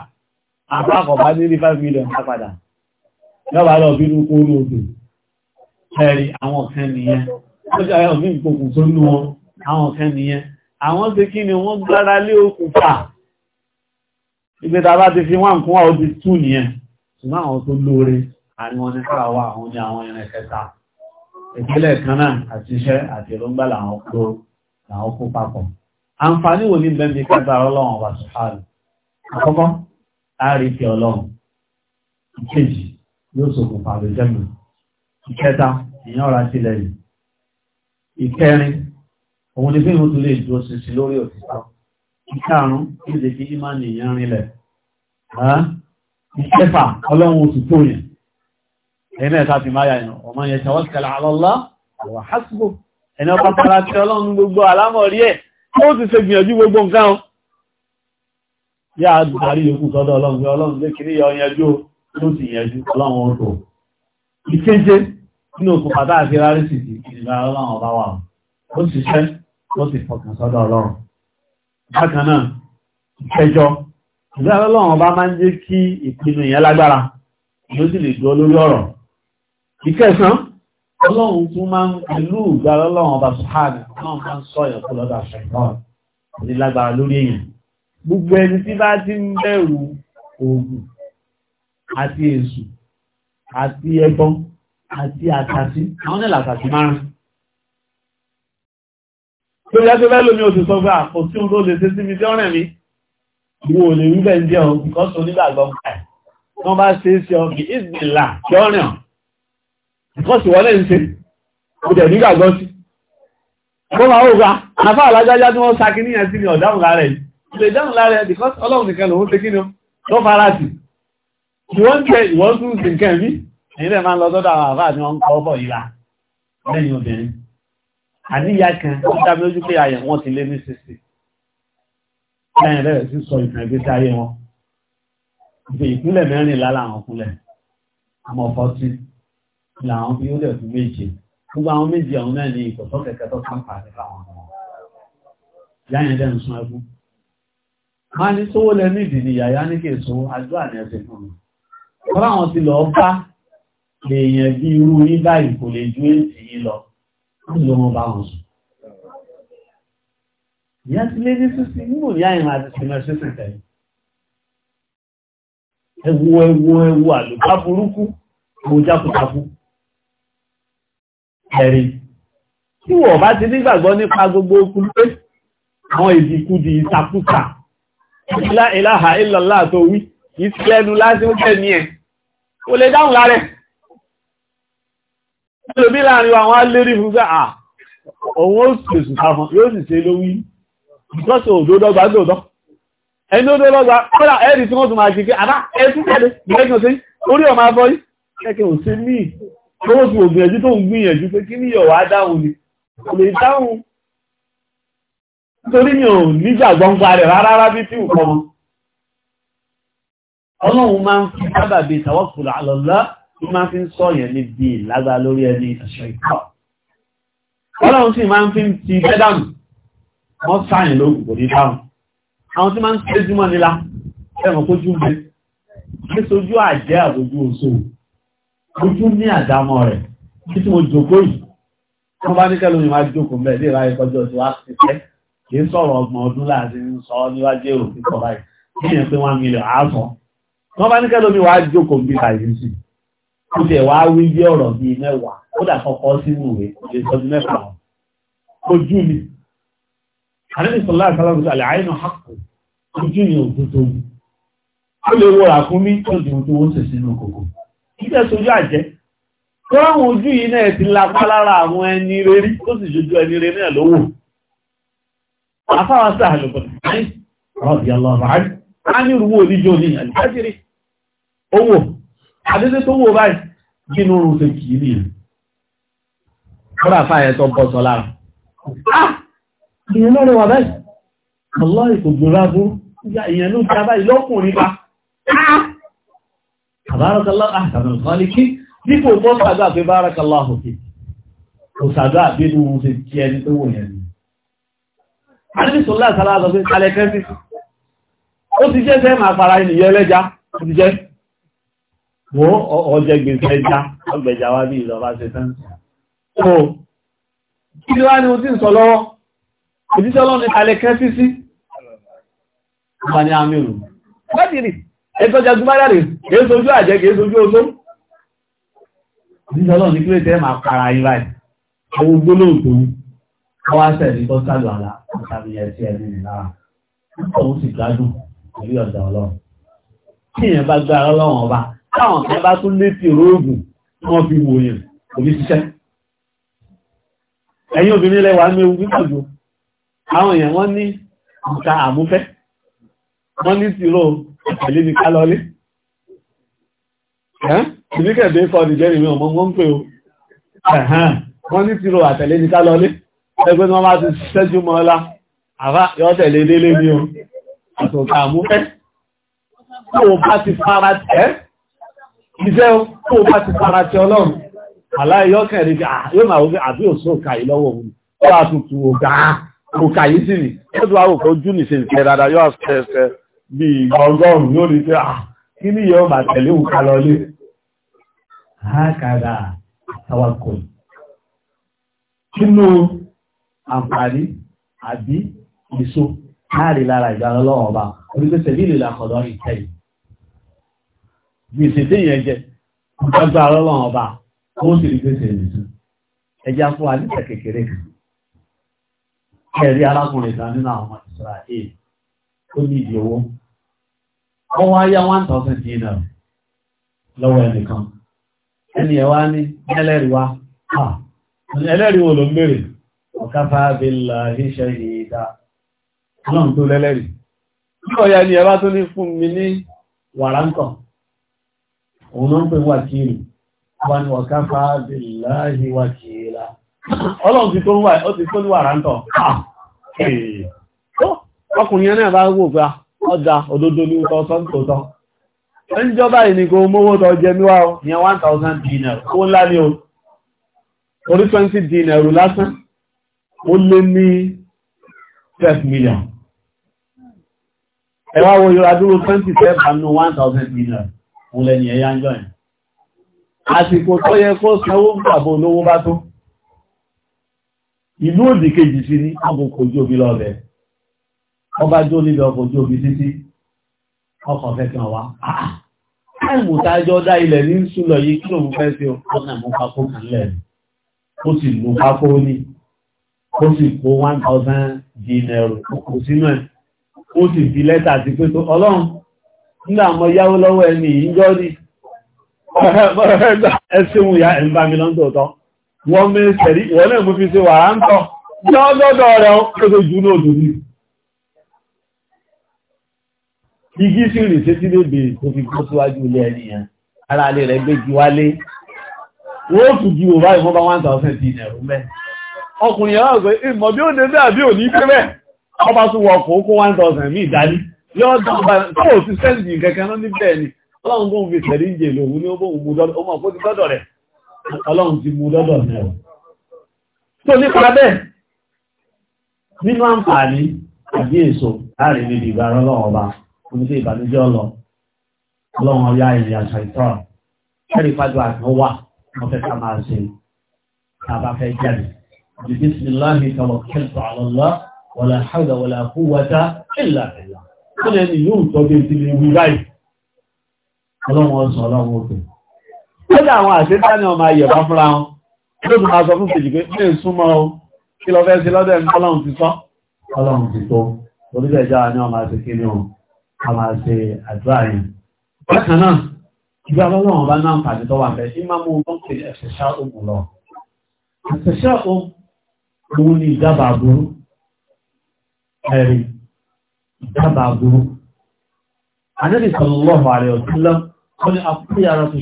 àpapọ̀ bá ní 5 million dápadà lọ́bàá lọ bí ní kóró odò ẹ̀rí àwọn kan nìyẹn ó jẹ́ ayọ̀ bí ìpòkùn tó ní wọn àwọn kan nìyẹn àwọn ti kí ni wọ́n gbára lé okùnfà ibi tàbá ti fi wọ́n nǹkan wà ó ti tú nìyẹn ṣùgbọ́n àwọn tó lóore àríwọ̀n ní ìpínlẹ̀ kan náà àti iṣẹ́ àti ìrúngbà làwọn kó làwọn kó papọ̀. àǹfààní wo ní bẹ́ẹ̀ bí kágbára ọlọ́run ọba sùhálù àkọ́kọ́ àárín fi ọlọ́run ìkejì yóò ṣokùnfà àlùjẹ́mù ìkẹta ìyẹn ọ̀rá sílẹ̀ yìí ìkẹrin òun ni bí ìhun tó lè dúró ṣinṣin lórí òtítọ́ ìkarùn-ún ìdèkí ìmánì ìyẹn rinlẹ̀ ìkẹfà ọlọ́run òtítọ́ yẹn ẹ̀nà ẹ̀ta ti máa yàìnà ọmọ yẹn tàwọ́kẹ̀lá alọ́lá àwọn hasbò ẹni ọba tàrà tí ọlọ́run gbogbo alámọ̀rí ẹ̀ tó ti ṣe gbìyànjú gbogbo nǹkan yá àdúgbàrí yòókù sọ́dọ̀ ọlọ́run ọlọ́run lé kiri yọ yanjú tó ti yanjú ọlọ́run ọ̀tọ̀ ìkéje nínú òkú pàtà àti rárí sì ti ìlà ọlọ́run ọba wà ó sì ṣẹ́ sọ́dọ̀ ọlọ́run bákan ọlọ́run ọba máa ń jẹ́ kí ìpinnu yẹn lágbára yóò sì lè dúró lórí ọ̀rọ̀ ìkẹsàn ọlọ́run tún máa ń pẹ̀lú ìgbàrá ọlọ́run ọba sùhánì ọlọ́run máa ń sọ èèyàn kó lọ́dà ṣẹ̀tọ́n ní lágbára lórí èèyàn gbogbo ẹni tí bá ti ń bẹ̀rù oògùn àti èṣù àti ẹbọn àti àtàsí àwọn nílà àtàsí márùn tó yá tó bẹ́ẹ̀ lómi oṣù sọ pé àpò tí òun tó lè ṣe síbi tí ọ̀rẹ́ mi ìwò ò lè rí bẹ́ẹ̀ ń jẹun kọ́sùn nígbàgbọ́n ẹ̀ wọ́n bá ṣe é ṣe ọ̀gbìn ìsìnlá tí ọ̀rẹ́ hàn bọ́sù wọlé ń ṣe ọdẹ̀ nígbàgbọ́ sí wọ́n máa ó gba àfá alájájá tí wọ́n sákí níyàn sí ni ọ̀dáhùn lára ẹ̀ ilé dáhùn lára ẹ̀ because ọlọ́run nìkan lòun ṣe kí ni ló fara sí ìwọ́n jẹ ìwọ́n tún sí nǹkan rí ilẹ̀ máa ń lọ sọ́dọ̀ àwọn àfá ni wọ́n ń kọ́ bọ̀ ìlà lẹ́yìn obìnrin àníyá kan ó dábí lójú pé ayẹ̀ wọn ti lé ní sísè lẹ́yìn rẹ̀ sí sọ ìtàn ìgbésí ayé wọn ìpínlẹ̀ mẹ́rìnlá làwọn kúnlẹ̀ àmọ́ 14 làwọn bí ó lẹ̀ fún méje gbogbo àwọn méje àwọn náà ní ìkọ̀tọ́ kẹ̀kẹ́ tó sáǹpà ní fáwọn ọmọ yáyẹn dẹ̀ ń sun ẹkú má ní sówó lẹ ní ìdì ni yàyá ní kè só àdúrà ní ẹsẹ̀ fún mi kọ́lá wọn ti lọ bá èèyàn bí irú ní báyìí kò lè ju èsì yìí lọ kí ló wọn bá wọn sùn ìyá ti lé ní sísí nínú ìyá ìrìn àti sinmi ẹsẹ̀ sì tẹ̀lé ẹwu ẹwu ẹwu àlùbá burúkú mo jákòjákú ẹ̀rí tí wọ́n bá ti nígbàgbọ́ nípa gbogbo okùn pé àwọn ìdìkú di ìsàkúsà ilá ìláhà ìlàlá tó wí ìsìlẹ́nu láti ń jẹ́ ní ẹ̀ o lè dáhùn lárẹ̀ ẹlòmí láàrin àwọn alérí fúgbà à òun ó sèsù sáfọn yóò sì ṣe lówí ìtọ́sọ̀ òdódọ́gba lóòdọ́ ẹni òdódọ́gba kọ́lá ẹ̀rì tí wọ́n tún máa jẹ́ kí àbá ẹ̀ tó sì ògbìyànjú tó ń gbìyànjú pé kí ní yọ̀wá dáhùn ni kò lè dáhùn nítorí mi ò nígbàgbọ́npa rẹ̀ rárá rábí tí ò kọmọ ọlọ́run máa ń fi sábà bí ìtàwọ́kùnlá àlọ́lá tí máa fi ń sọ yẹn ní bí ìlágbà lórí ẹni ìṣẹ́ ìkọ́ ọlọ́run sì máa ń fi ti tẹ́dàmù wọ́n sáyìn lóògùn kò ní dáhùn àwọn tí máa ń tẹ́júmọ́ nílá ẹ̀mọ̀ kójú mẹ́ nítorí àjẹ́ àbójú òṣòwò mo ní àdámọ́ rẹ̀ kí tí mo jòkó yìí wọ́n bá ní kẹ́lú ni máa jókòó mẹ́ lè ráyẹ kọjọ́ tí wá ti fẹ́ kì í sọ̀rọ̀ ọgbọ̀n ọdún láti ń sọ níwájú èrò kíkọ̀ báyìí kí yẹn ni wàá jókòó bí báyìí sí ó jẹ́ wàá wí bí ọ̀rọ̀ bíi mẹ́wàá ó dà kọ́kọ́ sínú ìwé lè sọ mẹ́fà ojú mi àdébí sọlá àtàlámù sọ àlẹ́ àyínú hàkù ojú yẹn òkú tó mi ó tó wọ́n sì sínú kòkòrò ìjẹ́ sojú àjẹ́ kọ́rọ̀wọ̀n ojú yìí náà ti lápá lára àwọn ẹni rerí tó sì jojú ẹni rẹ náà lówó afáwà sáà lọ́pọ̀ rọ́bì aláàbáàrí a ní ìrúwò oníjọ́ ní àjíkájírí owó àdédé tó wò báyìí gínú oòrùn tó kìí ní ìlú kọ́rọ̀ àfáàyẹ Àbárakàláwò àtàmì ìkọ́lé kí dípò bọ́ sàgbà pé bárakàláwò fi. Kò sàgbà pé ní wọn fi jẹ́ ẹni tó wò yẹn ni. A ní sọ láti aláàzọ pé kalẹ̀ kẹ́sì. Ó ti jẹ́ sẹ́ máa fara ẹni yẹn lẹ́já, ó ti jẹ́. Wo ọjẹ́ gbèsè ẹja, ọgbẹ̀já wá bí ìjọba ṣe tán. Ó kí ẹgbẹ́gbẹ́ gúnmọ́dá rẹ̀ kìí sojú àjẹ́ kìí sojú oṣó nítorọ̀ ní kílé tẹ́ máa para yín báyìí owó gbólóòtò wọ́n á sẹ̀rí tó sálù àlà àtàbí ẹ̀sí ẹ̀mí nìlára òun sì gbádùn pẹ̀lú ọ̀dọ̀ ọlọ́run tí èèyàn bá gbá ọlọ́run ọba táwọn kan bá tún létí orógùn tí wọ́n fi wò yẹn kò ní ṣiṣẹ́ ẹ̀yin obìnrin lẹ́wàá ní ewu pípọ̀ àwọn èèyàn wọ́n ní nǹkan àmúfẹ́ wọ́n ní síró àtẹ̀lé ní kálọ́lé ìbíkẹ̀dé fọ́dì jẹ́rìí mi ọmọ wọ́n ń pè o wọ́n ní síró àtẹ̀lé ní kálọ́lé ẹgbẹ́ tí wọ́n bá ti ṣẹ́jú mọ́ ọlá àbá yọ́ tẹ̀lé délé ní o àtòkà àmúfẹ́ tó o bá ti fara tẹ́ iṣẹ́ o tó o bá ti fara tẹ́ ọlọ́run aláìyọ́kẹ̀rí ah, yóò máa wọ́n àbí òṣò kàí lọ́wọ́ òun ó wà tuntun ògá òkàyí sí ni ó tún wá òkòjú nìṣe ìfẹ́ dáadáa yóò ṣẹ́ bí gbọ́gbọ́n ló ní pé ah, kí ní yóò máa tẹ̀lé òkà lọlé hákàdà àtàwàkọ̀ nínú àǹfààní àbí èso láàrin lára ìdára lọ́wọ́ ọba orílẹ̀-èdè lílè làkọ̀dọ̀ ìtẹ́yì gbèsè tí ìyẹn jẹ ìgbàgbà lọ́wọ́ ọba ó sì rí gbèsè nìtú ẹjá fún alẹ́sẹ̀ kékeré kan ẹ̀rí arákùnrin kan nínú àwọn ìsọ̀rọ̀ ó ní ìdí owó wọ́n wá yá 1000 dinar lọ́wọ́ ẹnìkan ẹni ẹ̀wá ní ẹlẹ́rìí wá ẹlẹ́rìí wo ló ń bèèrè ọ̀káfà bílá iṣẹ́ ìdá ọlọ́run tó lẹ́lẹ́rìí lọ́ ya ni ẹbá tó ní fún mi ní wàrántọ̀ òun ló ń pè wákìlì wà ní ọ̀káfà bílá ìwákìlá ọlọ́run ti tó ní wàrántọ̀ ọkùnrin náà bá wò pé ọjà ah, òdodo ní ọ̀tọ̀ tòótọ́ ẹnjọba yìí ni kò jẹ níwá o ní 1000 dinar ó ńlá ní orí 20 dinar lásán ó lé ní 12 million ẹwà wo yóò adúró 27 àánú 1000 dinar mo lẹ́ni ẹ̀yà ń jọ yìí àsìkò tó yẹ kó sanwó ń pàbò lówó bá tó ìlú òdìkejì sí ní àbòkòjú omi lọ́bẹ̀ẹ́ wọ́n bá jó nílẹ̀ ọkọ̀ ojú omi títí ọkọ̀ fẹ́ kan wá. Ah, ah, táìmù tájọ́ dá ilẹ̀ ní ìsúlọ̀ yìí kí lòun fẹ́ sí ọ̀nà mú pákó kan lẹ̀. Ó sì lu pákó ní. Ó sì kó one thousand dinero kò sínú ẹ̀. Ó sì fi lẹ́tà sí pé tó ọlọ́run nígbà mọ yáwó lọ́wọ́ ẹni yìí jọ́ ní. Ẹ ṣéun ìyá ẹ̀ ń bá mi lọ́ńtò tọ́. Wọ́n mi sẹ̀rí, wọ́n náà mú fi ṣe wàrà ń tọ̀. Yọ́ lọ́dọ̀ rẹ̀ ó kéré jù ní òdòdó. igi sí rè ṣe tí lóde tó fi kó síwájú ilé ẹni yẹn ara alẹ́ rẹ̀ gbégi wálé wọ́n tún ju òbá ìfọ́n bá one thousand ti nà ẹ̀rú mẹ́ ọkùnrin yẹn wọ́n sọ ìmọ̀ bí ó dé bẹ́ẹ̀ àbí òní pé bẹ́ẹ̀ ọba tún wọ ó kó one thousand mí ìdálí yóò dán bá tó ò sí sẹ́ǹdì kankan náà ní bẹ́ẹ̀ ni ọlọ́run tó ń fi sẹ̀rí ìjè lòun ní ó bóun mú dọ́dọ̀ ọmọ kó ti dọ́dọ̀ rẹ̀ ọlọ́run ti mú dọ́dọ̀ rẹ̀ tó nípa bẹ́ẹ̀ nínú àǹfààní àbí èso láàrin níbi ìgbà ọlọ́run ọba onílé ìbànújẹ́ ọlọ ọlọ́run ọyá ìrìn àṣà ìtọ́rọ̀ kẹ́rì pàdé àtúnwò wà wọ́n fẹ́ ká máa ṣe tàbá fẹ́ jáde bismillahi tawakkaltu ala Allah wala hawla wala quwwata illa billah ó lẹ́ni yóò tọ́jú ìdílé wí báyìí ọlọ́run ọsàn ọlọ́run òkè ó dá àwọn àṣetá ni ọmọ ayẹ̀bá fúnra wọn ló tún máa sọ fún fèjì pé ní ìsúnmọ́ o kí lọ fẹ́ sí lọ́dẹ̀ ọlọ́run ti sọ tó orílẹ̀-èdè àwọn ọmọ àṣekí ni wọn a máa ṣe àdúrà yẹn. Bákan náà, ìgbà lọ́wọ́ wọn bá náà ń pàdé tọ́wà bẹ́ẹ̀, ní máa mú wọn pè ẹ̀ṣẹ̀ṣá òmù lọ. Ẹ̀ṣẹ̀ṣá òmù ni ìjábà burú. Ẹ̀rí ìjábà burú. Àdébì sallallahu alaihi wasallam, wọ́n ni àkúyàrá tó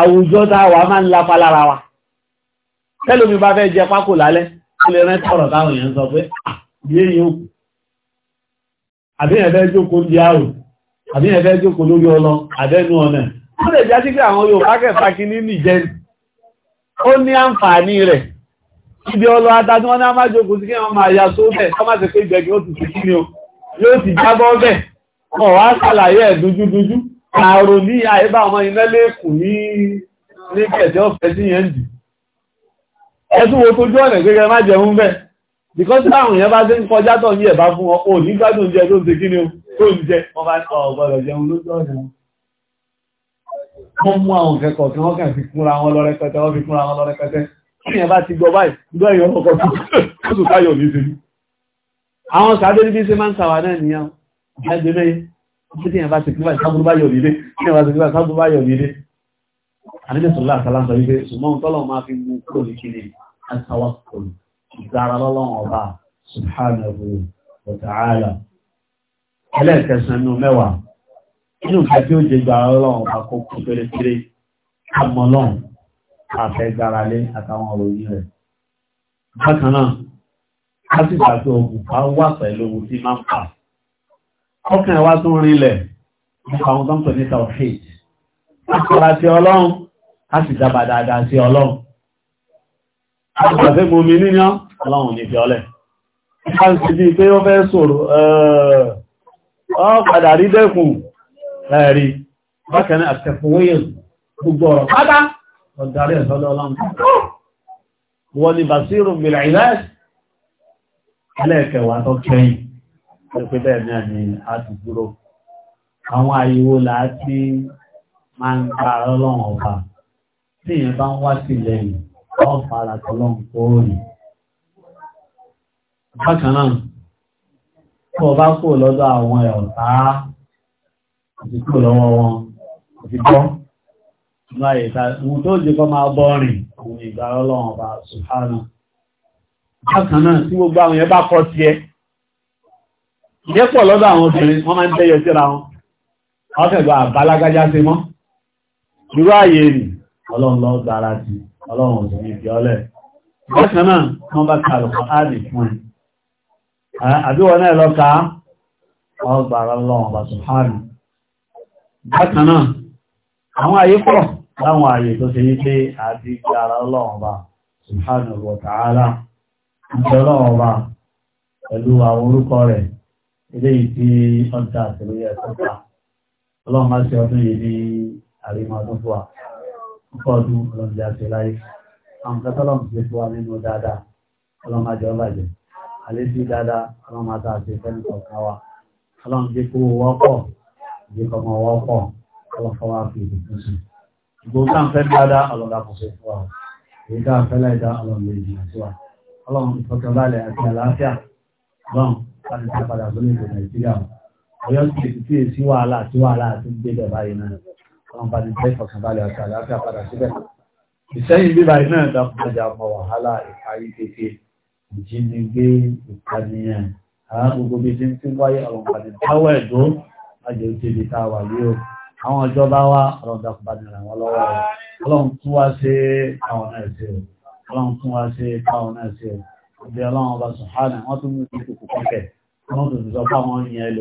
àwùjọ tá wà máa ń lapa lára wa tẹ́lómi bá fẹ́ jẹ pákò lálẹ́ ó lè rántí ọ̀rọ̀ táwọn èèyàn sọ pé yé yín òkú àbíyàn fẹ́ jókòó ń di àrò àbíyàn fẹ́ jókòó lórí ọlọ àbẹ́nu ọ̀nà ó lè já sí pé àwọn ya só bẹ̀ kọ́ máa ti pé ìgbẹ̀gbẹ̀ ó ti sì kí ni o yóò ti jábọ́ bẹ̀ ọ̀ wá ṣàlàyé ẹ̀ dúdúdúdú àrò ní àìbá ọmọ iná lẹ́kùn ní ní kẹ̀ẹ̀jẹ́ ọ̀fẹ́ sí yẹn dì ẹ̀tún wo tó jọ́ ọ̀nà gẹ́gẹ́ má jẹun bẹ́ẹ̀ because láwọn èèyàn bá ṣe ń kọjá tọ̀ ní ẹ̀bá fún ọ ní gbádùn jẹ tó ń ṣe kíni tó ń jẹ wọ́n bá sọ ọ̀gbọ̀dọ̀ jẹun lójú ọ̀nà wọ́n mú àwọn kẹ́kọ̀ọ́ tí wọ́n kàn fi kúnra wọn lọ rẹpẹtẹ wọ́n fi kúnra wọn lọ rẹpẹtẹ tí bá ti gbọ́ báyìí gbọ́ èèyàn ọkọ̀ tó tó táyọ̀ ní ṣe àwọn sàdé níbi ṣe máa ń sàwà náà nìyàn jáde títí ẹ̀ bá ti kí báyìí sábúrú bá yọ̀ nílé tí ẹ̀ bá ti kí báyìí sábúrú bá yọ̀ nílé àdínlẹ̀sọ̀lá àkàlásọ̀ wípé ṣùgbọ́n tọ́lọ̀ máa fi mú kúrò ní kíni àtàwàkùn ìgbára lọ́lọ́run ọba subhanahu wa ta'ala ẹlẹ́ẹ̀kẹsàn nínú mẹ́wàá nínú nǹkan tí ó jẹ gbára lọ́lọ́run ọba kó àfẹ́ gbára àtàwọn òròyìn rẹ̀ bákan a sì gbà pé ogun pa wà pẹ̀lú ohun tí máa ń pa ọkàn wa tún rinlẹ̀ nípa àwọn tó ń pè ní tawhid àkọ́ra sí ọlọ́run a sì dábà dáadáa sí ọlọ́run àgbàfẹ́ mọ́mí níná ọlọ́run ní fiọ́lẹ̀ a ń sì bí pé ó fẹ́ sọ̀rọ̀ ọ padà rí dẹ́kùn ẹ̀rí bákanáà àtẹ̀fúnwóyè gbogbo ọ̀rọ̀ pátá ọ̀darí ẹ̀sọ́dọ̀ ọlọ́run wọ́n ni basirun bil ilaj ẹlẹ́ẹ̀kẹwàá tó kẹ́yìn pẹ́pẹ́ bẹ́ẹ̀ náà ni àdúgbò àwọn àyíwò láti máa ń gba ọlọ́run ọba tí èèyàn bá ń wá sí lẹ́yìn wọ́n fara tọ́lọ́run tó rìn bákan náà tí ọba kò lọ́dọ̀ àwọn ọ̀tá àti kò lọ́wọ́ wọn àti gbọ́ láyé ta tó jẹ́ kọ́ máa bọ́ òun ìgbà ọlọ́run ọba sùhánà bákan náà tí gbogbo àwọn yẹn bá kọ́ tiẹ̀ ìyẹ́ pọ̀ lọ́dọ̀ àwọn obìnrin wọ́n máa ń tẹ́yẹ síra wọn wọ́n fẹ̀gbà àbálágájá sí mọ́ irú ààyè rì ọlọ́run lọ gbára sí ọlọ́run òsìn ìfì ọlẹ̀ bọ́sẹ̀ náà wọ́n bá ka lọ́kọ̀ áàdì fún ẹ̀ àbíwọ̀ náà lọ ka ọgbàrá lọ́wọ́n bá sùn hàn bákan náà àwọn ààyè pọ̀ láwọn ààyè tó pẹ̀lú àwọn orúkọ rẹ̀ eléyìí tí ọjà àtìlóyè ẹ̀sọ́ta ọlọ́run máa ṣe ọdún yìí ní àríwá ọdún fún wa ọkọ̀ ọdún ọlọ́run jẹ́ àṣẹ láyé àwọn kẹtọ́lọ́run ti fún wa nínú dáadáa ọlọ́run máa jẹ ọba jẹ àlejò dáadáa ọlọ́run máa ta àṣẹ fẹ́ni kọ̀ọ̀kan wa ọlọ́run jẹ́ kó wọ́pọ̀ jẹ́ kó ọmọ wọ́pọ̀ ọlọ́run fọwọ́ fi dáadáa ọlọ́run lápò ṣe fún ọlọ́run lè jìnnà sí wa ọlọ́run ìfọ̀kànbalẹ̀ àti àlàáfíà ọlọ́run láti dá padà sórí èdè nàìjíríà ọ̀yọ́ sì ti tíye sí wàhálà sí wàhálà àti gbẹdẹ báyìí náà wọn bá ti tẹ́ ìfọ̀kànbalẹ̀ àti àlàáfíà padà síbẹ̀ ìsẹ́yìn bíbá iná ìdákùnmájà ọmọ wàhálà ìparí kéke ìjínigbé ìpànìyàn àwọn gbogbo bí ti ń tí wáyé ọ̀rọ̀ pàdé táwọ̀ ẹ̀dọ́ lájẹ̀ ó tẹ́lẹ̀ tá a wà yí o àwọn ìjọba wa ọ̀rọ̀ ìdákùnmájà ràn wọ́n lọ́wọ́ rẹ̀ ọlọ́run tún wá sí káwọn náà ṣe o ọlọ́run tún wá sí káwọn náà ṣe o ọbẹ̀ ọlọ́run ọba sùhánà wọ́n tún mú ìdíkùkù kọ́kẹ́ wọ́n tó ti sọ fún àwọn ènìyàn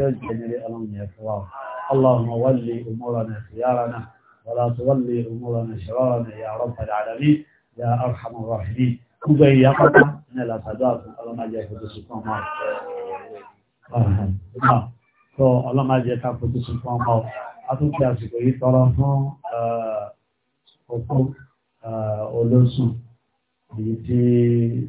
ẹlòmí báyìí اللهم ولي أمورنا خيارنا ولا تولي أمورنا شرارنا يا رب العالمين يا أرحم الراحمين gbogbo ẹ̀yà pátá ní ẹ̀làtàdọ́ àfún ọlọ́májẹ́ ìfòdúsù fún ọmọ ọ̀hún tó ọlọ́májẹ́ ká fòdúsù fún ọmọ eh, atúnkẹ́ eh, èyí tí